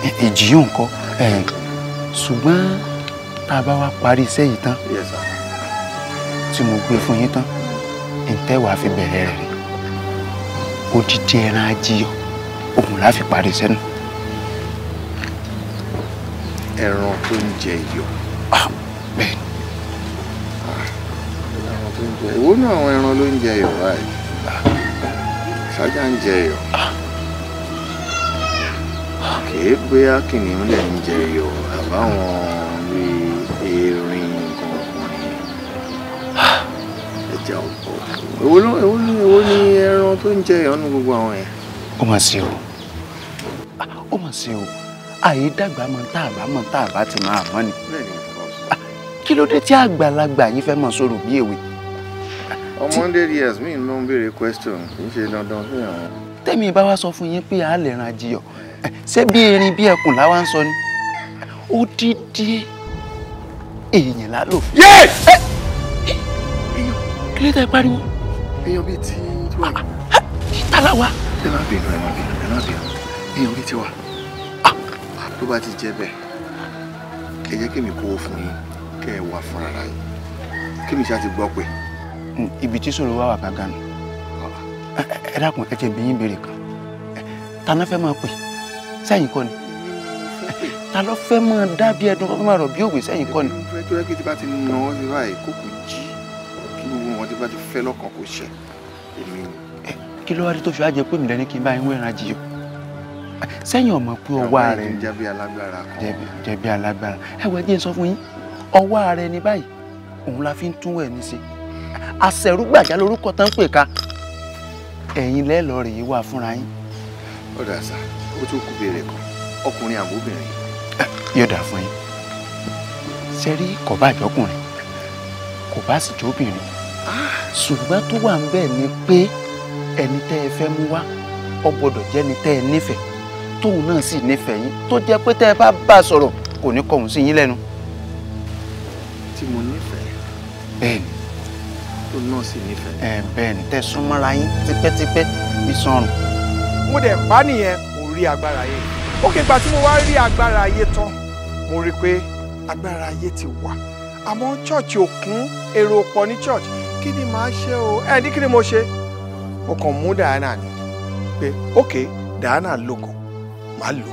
eh, ìjì yóò ń kọ́ eh, ṣùgbọ́n tá a bá wá parí iṣẹ́ yìí tán tí mo gbé fún yín tán ǹtẹ́ fi bẹ̀rẹ̀ rẹ̀ odidi ẹran ajiyọ òun la fi parí sẹ́nu. ẹran tó ń jẹ iyọ̀. Ah, bẹ́ẹ̀ ni. Ah, èwo ni àwọn ẹran ló ń jẹ iyọ̀ báyìí ah. ṣáájà ń jẹ iyọ̀ kèé gbé akínìún lẹ̀ ń jẹ iyọ̀ àbáwọn bíi. ọjà ọ̀pọ̀ èwo ló èwo ni èwo ni ẹran tó ń jẹ ìyọnu gbogbo àwọn yẹn. ó mà ṣe o ó mà ṣe o àyè dàgbà mọ tá àbá mọ tá àbá ti máa mọ ni ah, kí ló dé tí àgbàlagbà yín fẹ́ mọ̀ sọ̀rọ̀ bí èwe. ọmọ hundred years mi ló ń béèrè question kì í ṣe dandan fún yàrá. tẹ́mi bá wá sọ fún yín pé a lè ran ajiyọ̀ eh, ṣé bí erin bí ẹkùn láwa ń sọ ni ó dídí èèyàn lálò. yéé eh, kí ló tẹ pariwo. èèyàn bíi ti tiwa ah, ah, yìí. tala wa. ẹ má bínú ẹ má bínú ẹ má bínú èèyàn bíi tiwa. Ah. tó bá ti jẹ bẹ́ẹ̀ ẹ jẹ́ kí mi kó o fún yín kẹ́ ẹ wà fúnra rà yín kí mi ṣáà ti gbọ́ pé. Hmm, ibi tí sòrò wà wà gàgà nù ẹ dákun ẹ jẹ bí yín béèrè kan tana fẹ́ máa pè sẹ́yìn kọ́ ni ta ló fẹ́ máa dá ẹdun kọ́ máa bí òwe sẹ́yìn kọ́ ni. ìfẹ́ tó yẹ kí ti bá ti nà ọ́ sí báyìí kókò bá ti fẹ́ lọ́kàn kò ṣẹ èmi ni. ẹ kí ló wá dé tó fi wá jẹ pé mi lẹni kí n bá yín wẹ́ran jiyàn sẹ́yìn ọmọ pé ọwọ́ rẹ ni jẹ̀bi alágbára kan jẹ̀bi alágbára ẹ wẹ́ẹ́ jẹ́ sọ fún yín ọwọ́ rẹ ni báyìí òun la fi ń tún ẹ̀mí ṣe àṣẹrúgbàjá lorúkọ tán ń pè ká ẹ̀yin lẹ́ẹ̀lọ rèé wà fúnra yín. ó dà sá ó tún kú béèrè kan ọkùnrin àbóbìnrin. yóò dà fún yín ṣe rí kò kò bá sì jóbìnrin ṣùgbọ́n tó wà ń bẹ̀ ni pé ẹni tẹ́ ẹ fẹ́ mú wá ọ gbọ́dọ̀ jẹ́ ni tẹ́ ẹ nífẹ̀ẹ́ tóun náà sì nífẹ̀ẹ́ yín tó jẹ́ pé tẹ́ ẹ bá bá a sọ̀rọ̀ kò ní kọ̀hún sí yín lẹ́nu. tí mo nífẹ̀ẹ́. bẹ́ẹ̀ni. tó náà sì nífẹ̀ẹ́. ẹ bẹ́ẹ̀ni tẹ́ súnmọ́ra yín tipẹ́tipẹ́ bí sọ̀rùn. mo dẹ̀ bá nìyẹn mo rí agbára yẹn ó kí n gba tí mo wá rí agbára ayé tán mo rí i pé agbára ayé ti wà àmọ́ chọ́ọ̀chì kí ni màá ṣe o ẹ ní kí ni mo ṣe mo kàn mú Diana ni pé ok Diana lógo màá lò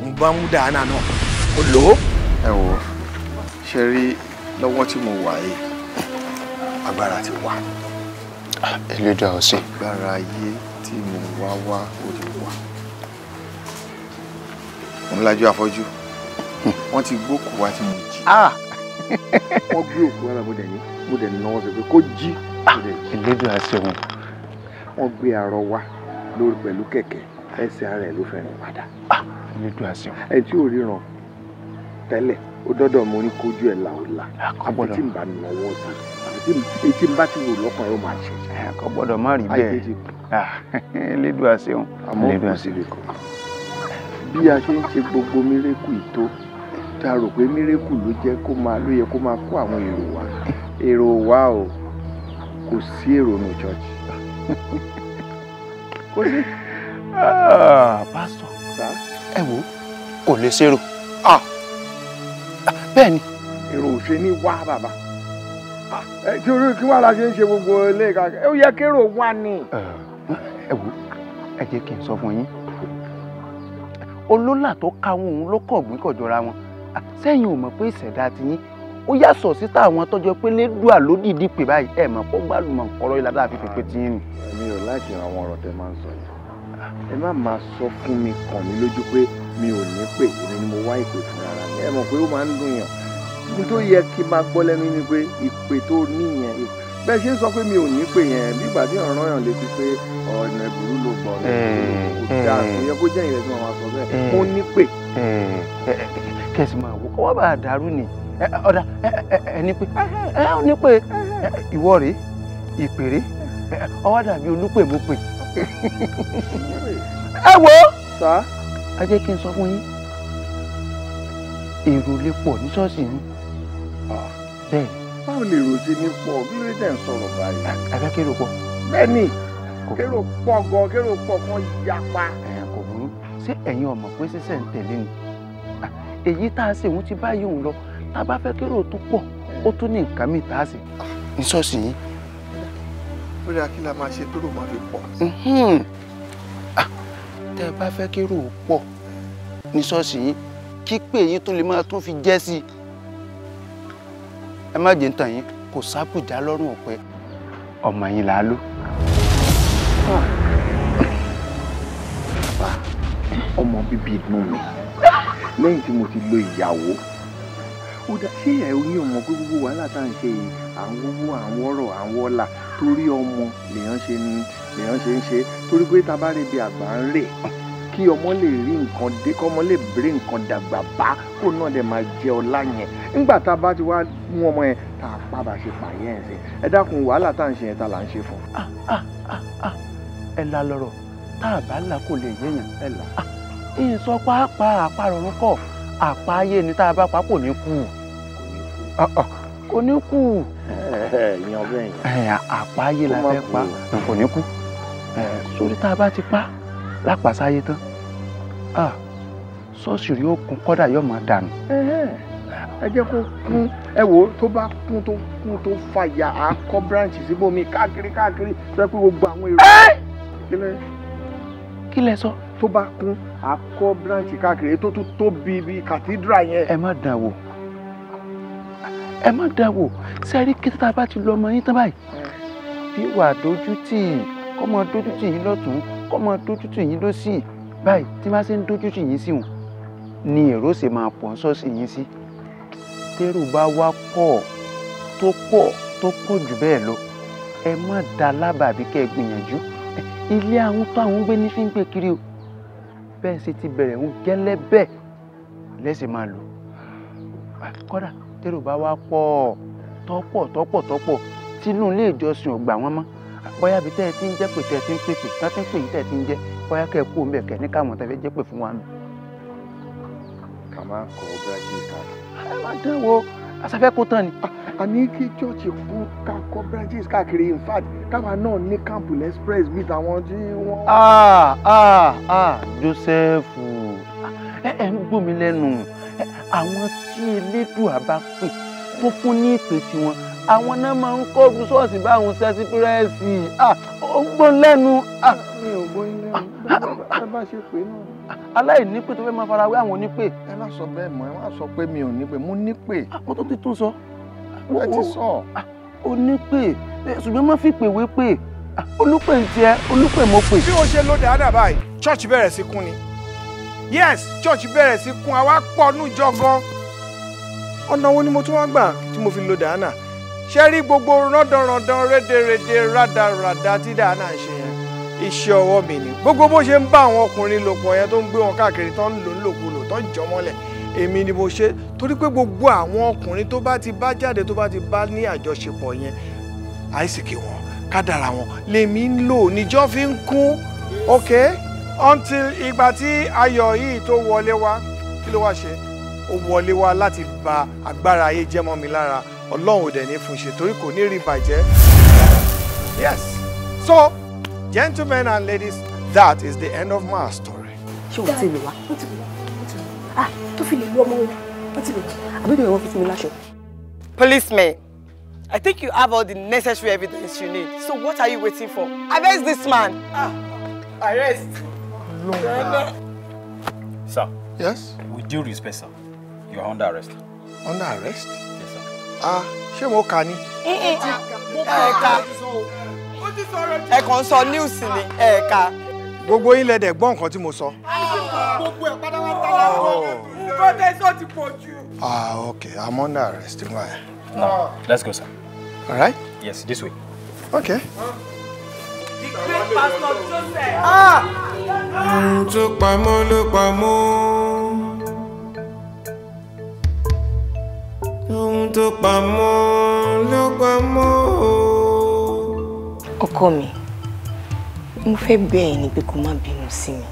mo bá mú Diana náà mo lò ó. ẹ wo ṣe rí lọ́wọ́ tí mo wà yìí agbára ti wà. elédè ah, ọ̀sìn. agbára ayé tí mo wá wá ó ti wà. òun lajú afọ́jú hmm. wọ́n ti gbókùú wá tí mo jí. Ah! wọ́n gbé òkú alábọ̀dẹ̀ yìí mo dẹ̀ náwó sí pé kó jí. ìlédùn àṣẹ wọn. wọ́n gbé arọ wá lórí pẹ̀lú kẹ̀kẹ́ ẹsẹ̀ ara ẹ̀ ló fẹ́ rìn padà. ìlédùn ah, àṣẹ wọn. ẹ tí ò ríran tẹ́lẹ̀ ó dọ́dọ̀ mo ní kójú ẹ̀ làwòlà àbí ah, tí n bá náwó sí àbí tí n bá ti wò lọ́kàn yóò máa ṣe. Ah, kò má rí bẹ́ẹ̀ ìlédùn [LAUGHS] àṣẹ àmọ́ kò sí bí a ṣe ń ṣe gbogbo mílíkù ìtó tá a rò pé mírèkù ló jẹ́ kó máa ló yẹ kó máa kó àwọn èrò wá èrò wá o kò sí èrò nù church [LAUGHS] kò sí. Ah, pásítọ̀ ẹ wo kò lè ṣèrò ah. bẹ́ẹ̀ ni. èrò ò ṣe ní wá bàbá tí ah, orí kí wàá la ṣe ń ṣe gbogbo ilé ìka ó yẹ kérò wá ni. Eh, ẹ wo ẹ jẹ́ kí n sọ fún yín olólà tó káwọn òun ló kọ̀gbìn kọ̀jọra wọn sẹ́yìn ò mọ̀ pé ìṣẹ̀dá ti yín ó yà sọ̀ síta àwọn tọ́jọ́ pé lẹ́dùà ló dìdí pè báyìí ẹ̀ mọ̀ pọ́ gbàlùmọ̀ kọ́rọ́ ìlàdà àfi pèpè ti yín nù. èmi ò láìkí àwọn ọ̀rọ̀ tẹ máa ń sọ yìí ẹ má máa sọ fún mi kàn mí lójú pé mi ò ní pè èmi ni mo wá ìpè fún ara mi ẹ mọ̀ pé ó máa ń dùn yàn mo tó yẹ kí n máa gbọ́ lẹ́nu ni pé ìpè tó níyẹn ìpè bẹ́ẹ̀ ṣe ń sọ pé mi ò ní pè yẹn bí ìgbà tí ọ̀ràn yàn létí pé ọ̀nà ìbúrú ló gbọ́ ọ̀nà ìbúrú hmm, kò dáa kò hmm. yẹ kó jẹ́ ìrẹ́ tí sọ bẹ́ẹ̀ mo hmm. ní pè. kẹsì máa wò kó bá a dàrú ni ọ̀dà ẹni pé ẹ ẹ ní pé ìwọ rèé ìpèrè ọwọ́ dàbí olúpè mo pè. ẹ wo ẹ jẹ́ kí n sọ fún yín èrò lè pọ̀ ní ṣọ́ọ̀ṣì yín ah. bẹ́ẹ̀ báwo lè rò ṣe ní pọ̀ kí ló dé ń sọ̀rọ̀ báyìí. abẹ́ kérò pọ̀. bẹ́ẹ̀ni kérò pọ̀ gan kérò pọ̀ kan yapa. ẹ kò burú ṣé ẹ̀yin ọmọ pé ṣiṣẹ́ ń tẹ̀lé ni èyí tá a ṣe òun ti báyìí òun lọ tá a bá fẹ́ kérò tó pọ̀ ó tún ní nǹkan míì tá a ṣe. ń sọ́ọ̀sì yín. ó yà kí la máa ṣe tó ló máa fi pọ̀. tẹ́ ẹ bá fẹ́ kérò pọ̀ ní sọ́ọ̀sì yín kí pé èyí tó lè máa tún fi jẹ́ sí i ẹ má jẹ́ ń tàn yín kò sápùjá lọ́rùn ọ̀pẹ ọmọ yín là á lò. bàbá ọmọ bíbí inú mi lẹ́yìn tí mo ti lo ìyàwó ó dá ṣé ìyá ẹ̀ ní ọmọ pé gbogbo wàhálà tá à ń ṣe yìí àwọn owó àwọn ọ̀rọ̀ àwọn ọlà torí ọmọ lèèyàn ṣe ń ṣe torí pé tá a bá rí ibi àgbà ń rè kí ọmọ lè rí nǹkan dé kí ọmọ lè bèrè nǹkan dàgbà bá kó náà dẹ̀ máa jẹ ọlá yẹn nígbà tá a bá ti wá mú ọmọ yẹn tá a pa bá ṣe pààyàn ẹ̀ sẹ́ ẹ dákun wàhálà tá à ń ṣe yẹn tá là ń ṣe fún. Ah, ah, ah, ẹ la lọ́rọ̀ tá a bá là kò lè yéèyàn ẹ là. ìsọ pàápàá àparọ̀ lọ́kọ̀ àpá ni tá a bá pa kò ní kú. kò ní kú. ìyàn bẹ́ẹ̀ yẹn. àpá la fẹ́ pa kò ní kú. sórí tá a bá ti pa lápàsáyé tán ah, ṣọ́ọ̀ṣì rí ó kún kọ́dà yóò máa dànù. ẹ jẹ́ kó kún ẹ wò ó tó bá kún tó kún tó fàyà á kọ́ branch síbòmí káàkiri káàkiri tó yẹ pé gbogbo àwọn èrò. kí lẹ sọ. tó bá kún á kọ́ branch káàkiri tó tún tóbi bíi cathedral yẹn. ẹ má dàn wò ẹ má dàn wò sẹ́rí kété tá a bá ti lọ ọmọ yín tán báyìí bí wàá dojú tì í kọ́mọ dojú tì í lọ́tún kọ́mọ dójú tì yín ló sì báyìí tí bá ṣe ń dójú tì yín sí wọn ni èrò ṣe máa pọ̀ ń ṣọ́ọ̀ṣì yín sí tẹ́rù bá wá pọ̀ tó pọ̀ tó pọ̀ jù bẹ́ẹ̀ lọ ẹ má da lábàbí kẹ́ ẹ gbìyànjú ilé àwọn tó àwọn gbé ní fi ń gbé kiri o bẹ́ẹ̀ ṣe ti bẹ̀rẹ̀ ń gẹ́lẹ́ bẹ́ẹ̀ lẹ́sìn máa lò kódà tẹ́rù bá wá pọ̀ tọ́pọ̀ tọ́pọ̀ tọ́pọ̀ tínú ilé ìjọsìn ọ̀gbà wọn mọ́ bóyá bí tẹ́ ẹ ti ń jẹ́ pé tẹ́ ẹ ti ń pèpè tán ti ń pè yí tẹ́ ẹ ti ń jẹ́ bóyá kẹ́ ẹ kú omi ẹ̀kẹ́ ní káwọn tẹ́ fẹ́ jẹ́ pé fún wa nù. kàmá kọ ọbẹ̀ ajé káàkiri. ẹ má dán wo aṣafẹ́ tán ni. Ah, a kí chọ́ọ̀chì fún ká kọ́ branches káàkiri in fact káwa náà ní campbell express with àwọn tí wọ́n. ah ah ah Joseph ẹ ẹ ń gbómi lẹ́nu àwọn tí elédùn àbá pè tó fún ní ìpè tiwọn àwọn náà máa ń kọ́ ọdún ṣọ́ọ̀ṣì báwọn ṣẹ́sí pírẹ́sì ó gbọ́n lẹ́nu. mi ò gbọ́ ilé ẹ bá ṣe pé náà. aláìní pé tó fẹ́ máa farawé àwọn onípè. ẹ má sọ bẹ́ẹ̀ mọ́ ẹ má sọ pé mi ò ní pè mo ní pè. mo tó ti tún sọ. ẹ ti sọ. onípè ṣùgbọ́n má fi pè wé pè olùpè ń tiẹ̀ olùpè mo pè. bí o ṣe ló dáadáa báyìí ṣọ́ọ̀ṣì bẹ̀rẹ̀ sí kún ni yes ṣọ́ọ̀ṣì bẹ̀rẹ̀ sí kún àwa pọ̀ nù jọ gan ọ̀nà wo ni mo tún wá gbà tí mo fi lo Diana ṣe rí gbogbo rọ́dọ̀rọ̀dọ̀ rédèrèdè rádaràdà tí dáadáa ń ṣe yẹn iṣẹ́ ọwọ́ mi ni gbogbo bó ṣe ń bá àwọn ọkùnrin lò pọ̀ yẹn tó ń gbé wọn káàkiri tó ń lò ń lòkulò tó ń jọmọ́lẹ̀ èmi ni mo ṣe torí pé gbogbo àwọn ọkùnrin tó bá ti bá jáde tó bá ti bá ní àjọṣepọ̀ yẹn àìsìkì wọn kádàrà wọn lèmi ń lò níjọ́ fi ń kún ok until ìgbà tí ayọ̀ yìí tó wọlé wá kí ló wá ṣe ó wọlé wá láti ba agbára ayé jẹ́ mọ́ mi lára ọlọ́run ò dẹ̀ ní fún ṣe torí kò ní rí bàjẹ́. yes so gentlemen and ladies that is the end of my story. ṣé o ti lè wá ah tó fi lè lu ọmọ wọn wọn ti lè àbí bẹ̀rẹ̀ wọn fi ti mi láṣọ. policeman i think you have all the necessary evidence you need so what are you waiting for arrest this man. ah arrest. sir. yes. with due respect sir you are under arrest. under arrest ah ṣé mo kà ni. ẹ̀ka eh, eh, ah, eh, ẹ̀kan sọ news ni ẹ̀ka. gbogbo yín lẹ́dẹ̀ gbọ́ nǹkan tí mo sọ. gbogbo ẹ̀ padà wá tá a lọ. Oh. protest ti pọ̀ jù. ah okay i'm under arrest n wáyà. now let's go sir. all right. yes this way. okay. the great pastor joseph. Ah! ohun tó pamọ́ ló pamọ́. ohun tó pamọ́ ló pamọ́ o. ọkọ mi mo fẹ́ bẹ̀ ẹ́ ni pé kó má bínú sí mi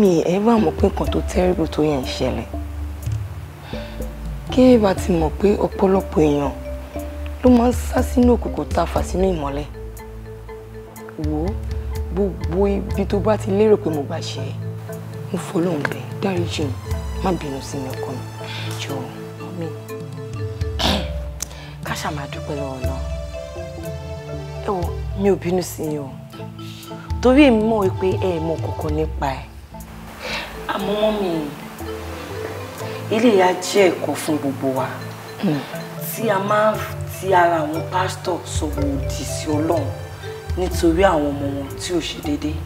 mi ẹ bá mọ̀ pé nǹkan tó tẹ́rìbù tó yẹn ń ṣẹlẹ̀ kí ẹ bá ti mọ̀ pé ọ̀pọ̀lọpọ̀ èèyàn ló máa ń sá sínú òkùnkùn tá a fà sínú ìmọ́lẹ̀ wò ó gbogbo ibi tó bá ti lérò pé mo bá ṣe é mo fọlọ́hún bẹ́ẹ̀ dáríjì mi má bínú sí mi ọkọ mi jọ mọ́mí [CLEARS THROAT] ká ṣáà máa dúpẹ́ lọ́wọ́ náà ẹ wo mi ò bínú sí yín o torí èmi mọ̀ wípé ẹ mọ̀ kankan nípa ẹ̀ àmọ́ mọ́mí ilé ìyá jẹ́ ẹ̀kọ́ fún gbogbo wa hmm. tí a máa ń ti ara àwọn pásítọ̀ sọ̀rọ̀ òdì sí ọlọ́run nítorí àwọn ọmọ wọn tí ò ṣe déédéé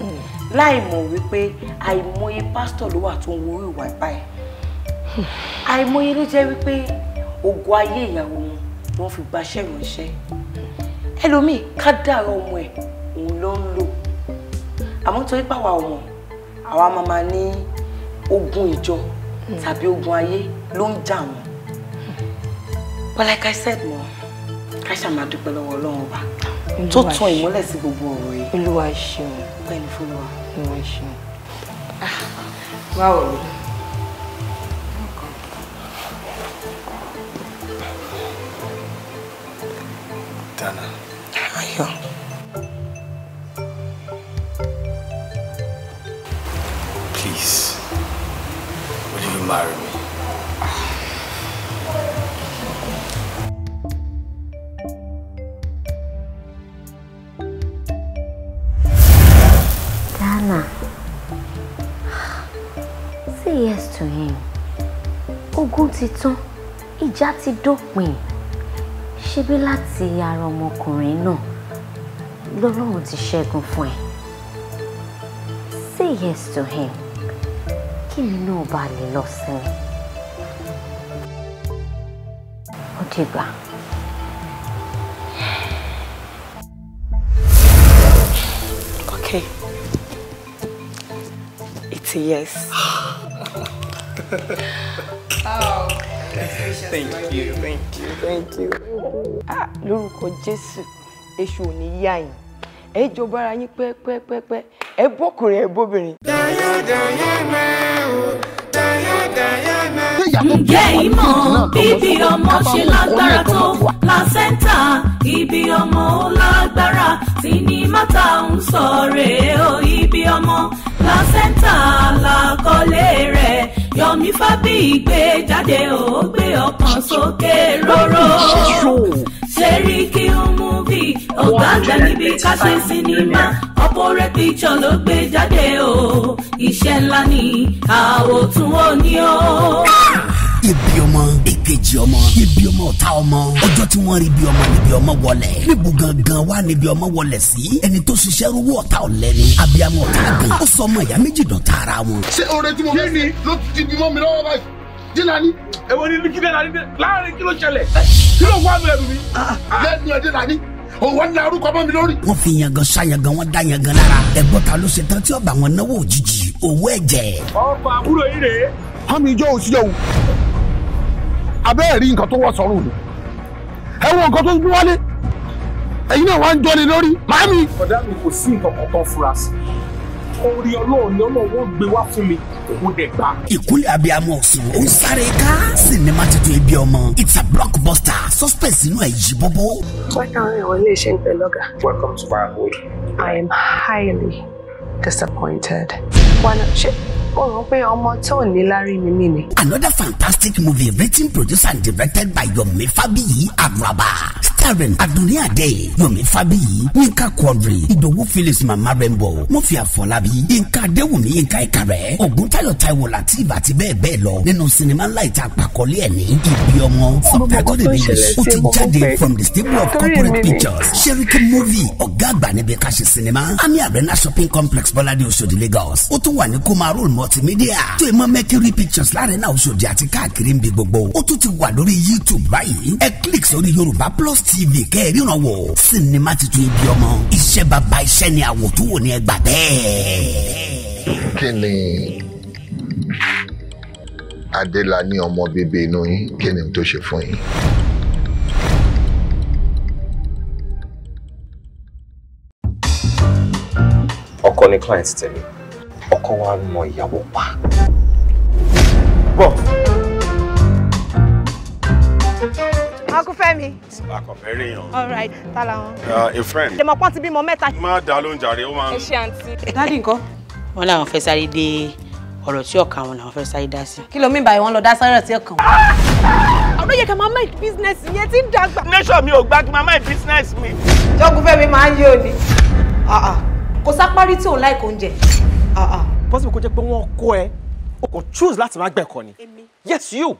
hmm. láì mọ̀ wípé àìmọye pásítọ̀ ló wà tó ń wo ìwà báyìí àìmọye ló jẹ́ wípé ògùn ayé ìyàwó wọn wọ́n fi gbaṣẹ́ ránṣẹ́ ẹlòmíì ká dàrọ ọmọ ẹ̀ òun ló ń lò àmọ́ torí pàwọ̀ ọmọ àwa máa ma ní ogun ìjọ tàbí ogun ayé ló ń jà wọ́n but like I said mo ká ṣàmà dúpẹ́ lọ́wọ́ ọlọ́run ọba tó tan ìmọ́lẹ̀ sí gbogbo ọ̀rọ̀ yìí olúwa ṣeun bẹ́ẹ̀ ni fúnra olúwa ṣeun ah. báwo ni. dáná. Ayọ̀. Please, will you marry me? Dana, say yes to him. Ogun ti tán, ìjà ti dópin ṣebí láti ara ọmọkùnrin náà lọ́lọ́run ti ṣẹ́gun fún ẹ say yes to him kí ni náà bá lè lọ sinmi ó dìgbà. okay it's yes. [LAUGHS] oh. Thank you, thank you, thank you ah lórúkọ jésù èṣù ò ní yá yín ẹ jọba ara yín pẹ́pẹ́pẹ́pẹ́ ẹ bọ́kùnrin ẹ bóbìnrin. dayadaya máa o dayadaya máa. ǹjẹ́ ìmọ̀ bíbí ọmọ ṣe lágbára tó placenta ibi ọmọ ó lágbára sinimátà ń sọ rèé o ibi ọmọ placenta làkọlé rẹ̀ Yọ̀mí Fábíyì gbé jáde ó gbé ọkàn sókè róró. Ṣèríkí múvì ọ̀gá àgbà níbi ká ṣe sinimá ọ̀pọ̀rẹ́ picture ló gbé jáde ó iṣẹ́ ńlá ni àwòtún òní ó yé bí ọmọ èkejì ọmọ yé bí ọmọ ọ̀tá ọmọ ọjọ́ tí wọ́n rí bí ọmọ níbi ọmọ wọlẹ̀ níbo gangan wà níbi ọmọ wọlẹ̀ sí ẹni tó ṣiṣẹ́ rówó ọ̀tá ọ̀lẹ́ ni abiyamọ ọ̀tá gan ó sọ ọmọ ìyá méjì dàn tààrà wọn. ṣé oore tí mo fẹ́ ni ló ti di mọ́ mi lọ́wọ́ báyìí dílani èwo ni dílani láàrin kí ló ṣẹlẹ̀ kí ló wà mẹ́rù mi ah, ah. lẹ́nu ẹ̀ dílani òwò ní mi lórí. wọ́n fi yangan ṣayangan wọn dá yangan lára. ẹ̀gbọ́n ta ló ṣe tán tí ọba àwọn náwó òjijì owó ẹ̀jẹ̀. ọkọ àbúrò yìí rèé. hami ijó òsì jọ wò abẹ́ẹ̀ rí nǹkan tó wọ̀ sọ́rùn ni ẹ wo nǹkan tó gbé wálé ẹ̀yin náà wá ń jọ́ni lórí màámi. ọ̀dà mi kò sí nǹkan kan tán fura sí orí ọlọ́run ni ọlọ́run ó gbé wá fún mi ìkúlẹ̀ abiyamọ ọ̀sùn ó ń sáré ká sinimá tuntun ibi ọmọ it's a blockbuster suspense inú ẹ̀ yí bọ́bọ́. wákàtí àwọn ilé iṣẹ́ ń pẹ̀lú ọ̀gá. welcome to my world. i am highly disappointed. Why not? another fantastic movie written produced and directed by Yomi Fabiyi Araba starring Adunia Ade Yomi Fabiyi Yinka Quadri Idowu Phillips Mama Rainbow Murphy Afolabi Yinka Adewumi Yinka Ikare Oguntayo Taiwo Lateef àti bẹ́ẹ̀ bẹ́ẹ̀ lọ nínú sinimá ńlá ìta àpàkọ́lé ẹ̀ ní ibi ọmọ subtitled in English ó ti jáde from the stable of corporate pictures Seriki movie ọ̀gá àgbà níbi ká ṣe sinimá Ami Arena shopping complex alex bọ́ládé oṣòdì lagos ó tún wà ní kumarol multimedia tó ìmọ̀ mercury pictures láàrin náà oṣòdì àti káàkiri ń bi gbogbo ó tún ti wà lórí youtube báyìí ẹ click sórí yorùbá plus tv kẹ́ẹ̀ríran wò sinimá ti tún ibi ọmọ iṣẹ́ bàbá iṣẹ́ ni àwò tó wò ní ẹgbà bẹ́ẹ̀. kí ni adélani ọmọ bíbí inú yín kí ni tó ṣe fún yín. ọkọ ní client tèmi ọkọ wa mọ ìyàwó pa. akúfẹ́mi. akọ̀fẹ́ rí yan. all right ta la wọn. Uh, a friend. lèmọ̀ pọ́n ti bímọ mẹ́ta. má da ló ń jàre ó máa ń. ẹ ṣe àǹtí. dádì ńkọ́. wọ́n láwọn fẹ́ sáré dé ọ̀rọ̀ tí ọ̀kan àwọn làwọn fẹ́ sáré dá sí. kí ló mí báyìí wọ́n lọ dá sáré tí ọ̀kan. ọ̀dọ́ yẹ máa mind business yẹn ti ń dàgbà. nation mi ò gbá kí máa mind business mi. jọ́gúnfẹ́mi máa ń yé òní kò sápárí tí òun láìkò oúnjẹ. Ah, ah. possible kó jẹ́ pé wọ́n kó ẹ o kò choose láti má gbẹ̀kọ́ ni yes you.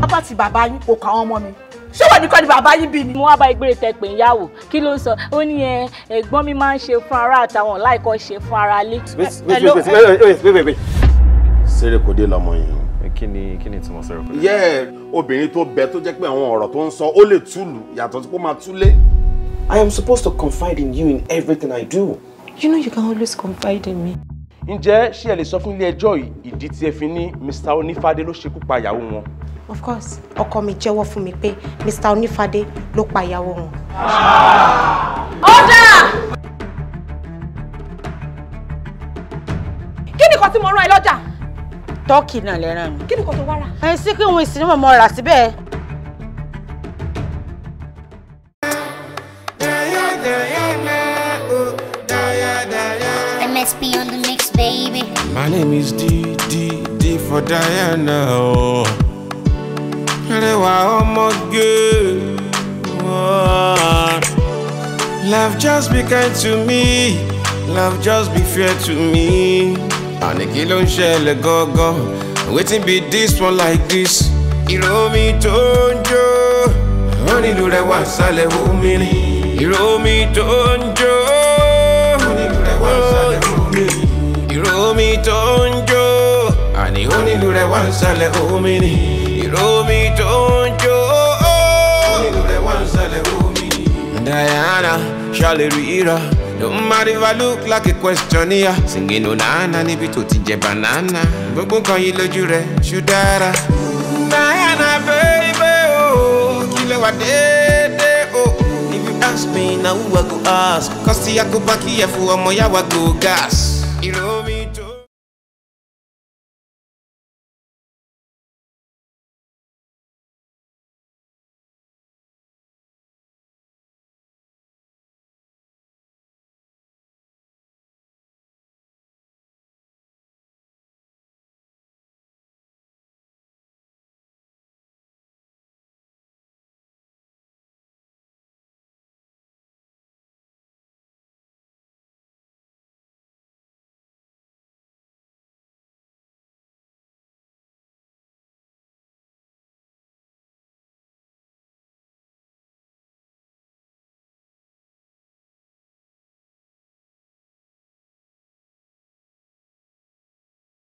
bàbá ti bàbá yín kò kà àwọn ọmọ mi ṣé wọ́n nìkan ni bàbá yín bí ni. mo wá bá ìgbèrè tẹpẹ ìyàwó kí ló ń sọ ó ní ẹ ẹ̀gbọ́n mi máa ń ṣe fún ara àtàwọn láìkọ ṣe fún ara lé. sèrè kò dé lọmọ yìí. kí ni kí ni tí mo sọ̀rọ̀ pẹ̀lú. yẹ obìnrin tó bẹ tó jẹ́ pé àwọn ọ̀rọ̀ tó ń sọ ó lè túlù yàtọ̀ sí máa túlé. I am supposed to confide in you in everything I do. You know you can always confide in me. Ǹjẹ́ ṣé ẹ lè sọ fún ilé ẹjọ́ ìdí tí ẹ fi ní Mr. Onífádé ló ṣekú pa ìyàwó wọn? Of course, ọkọ mi jẹ́wọ́ fún mi pé Mr. Onífádé ló pa ìyàwó wọn. Ọ̀dà! Ah! Kí ni kan tí mo rán ẹ lọ́jà? Tọ́kì náà lẹ́ràn mi. Kí ni kan tó wá rà? Ẹ sí kí n wí mo rà síbẹ̀. Let's be on the mix, baby. My name is D, D, D for Diana. Oh. Rẹwà ọmọge. Oh. Love just be kind to me. Love just be fair to me. Àní kí ló ń ṣẹlẹ̀ gangan? Wetin be this one like this? Iro mi tonjo. Honey do the wa rẹwà sálẹ̀ omi ni. mi tonjo. mi tonjo ani jó àníhó wansale umini ni mi tó Diana ṣàlè ríra ló ń má rí valú like a questionnaire singing onana níbi tó ti jẹ banana gbogbo kan yìí lójú rẹ̀ Diana baby oh kí ló wà déédéé if you ask me now who I go ask cause ti yàgò bá kí ẹ fún ọmọ yàwá go gas. You know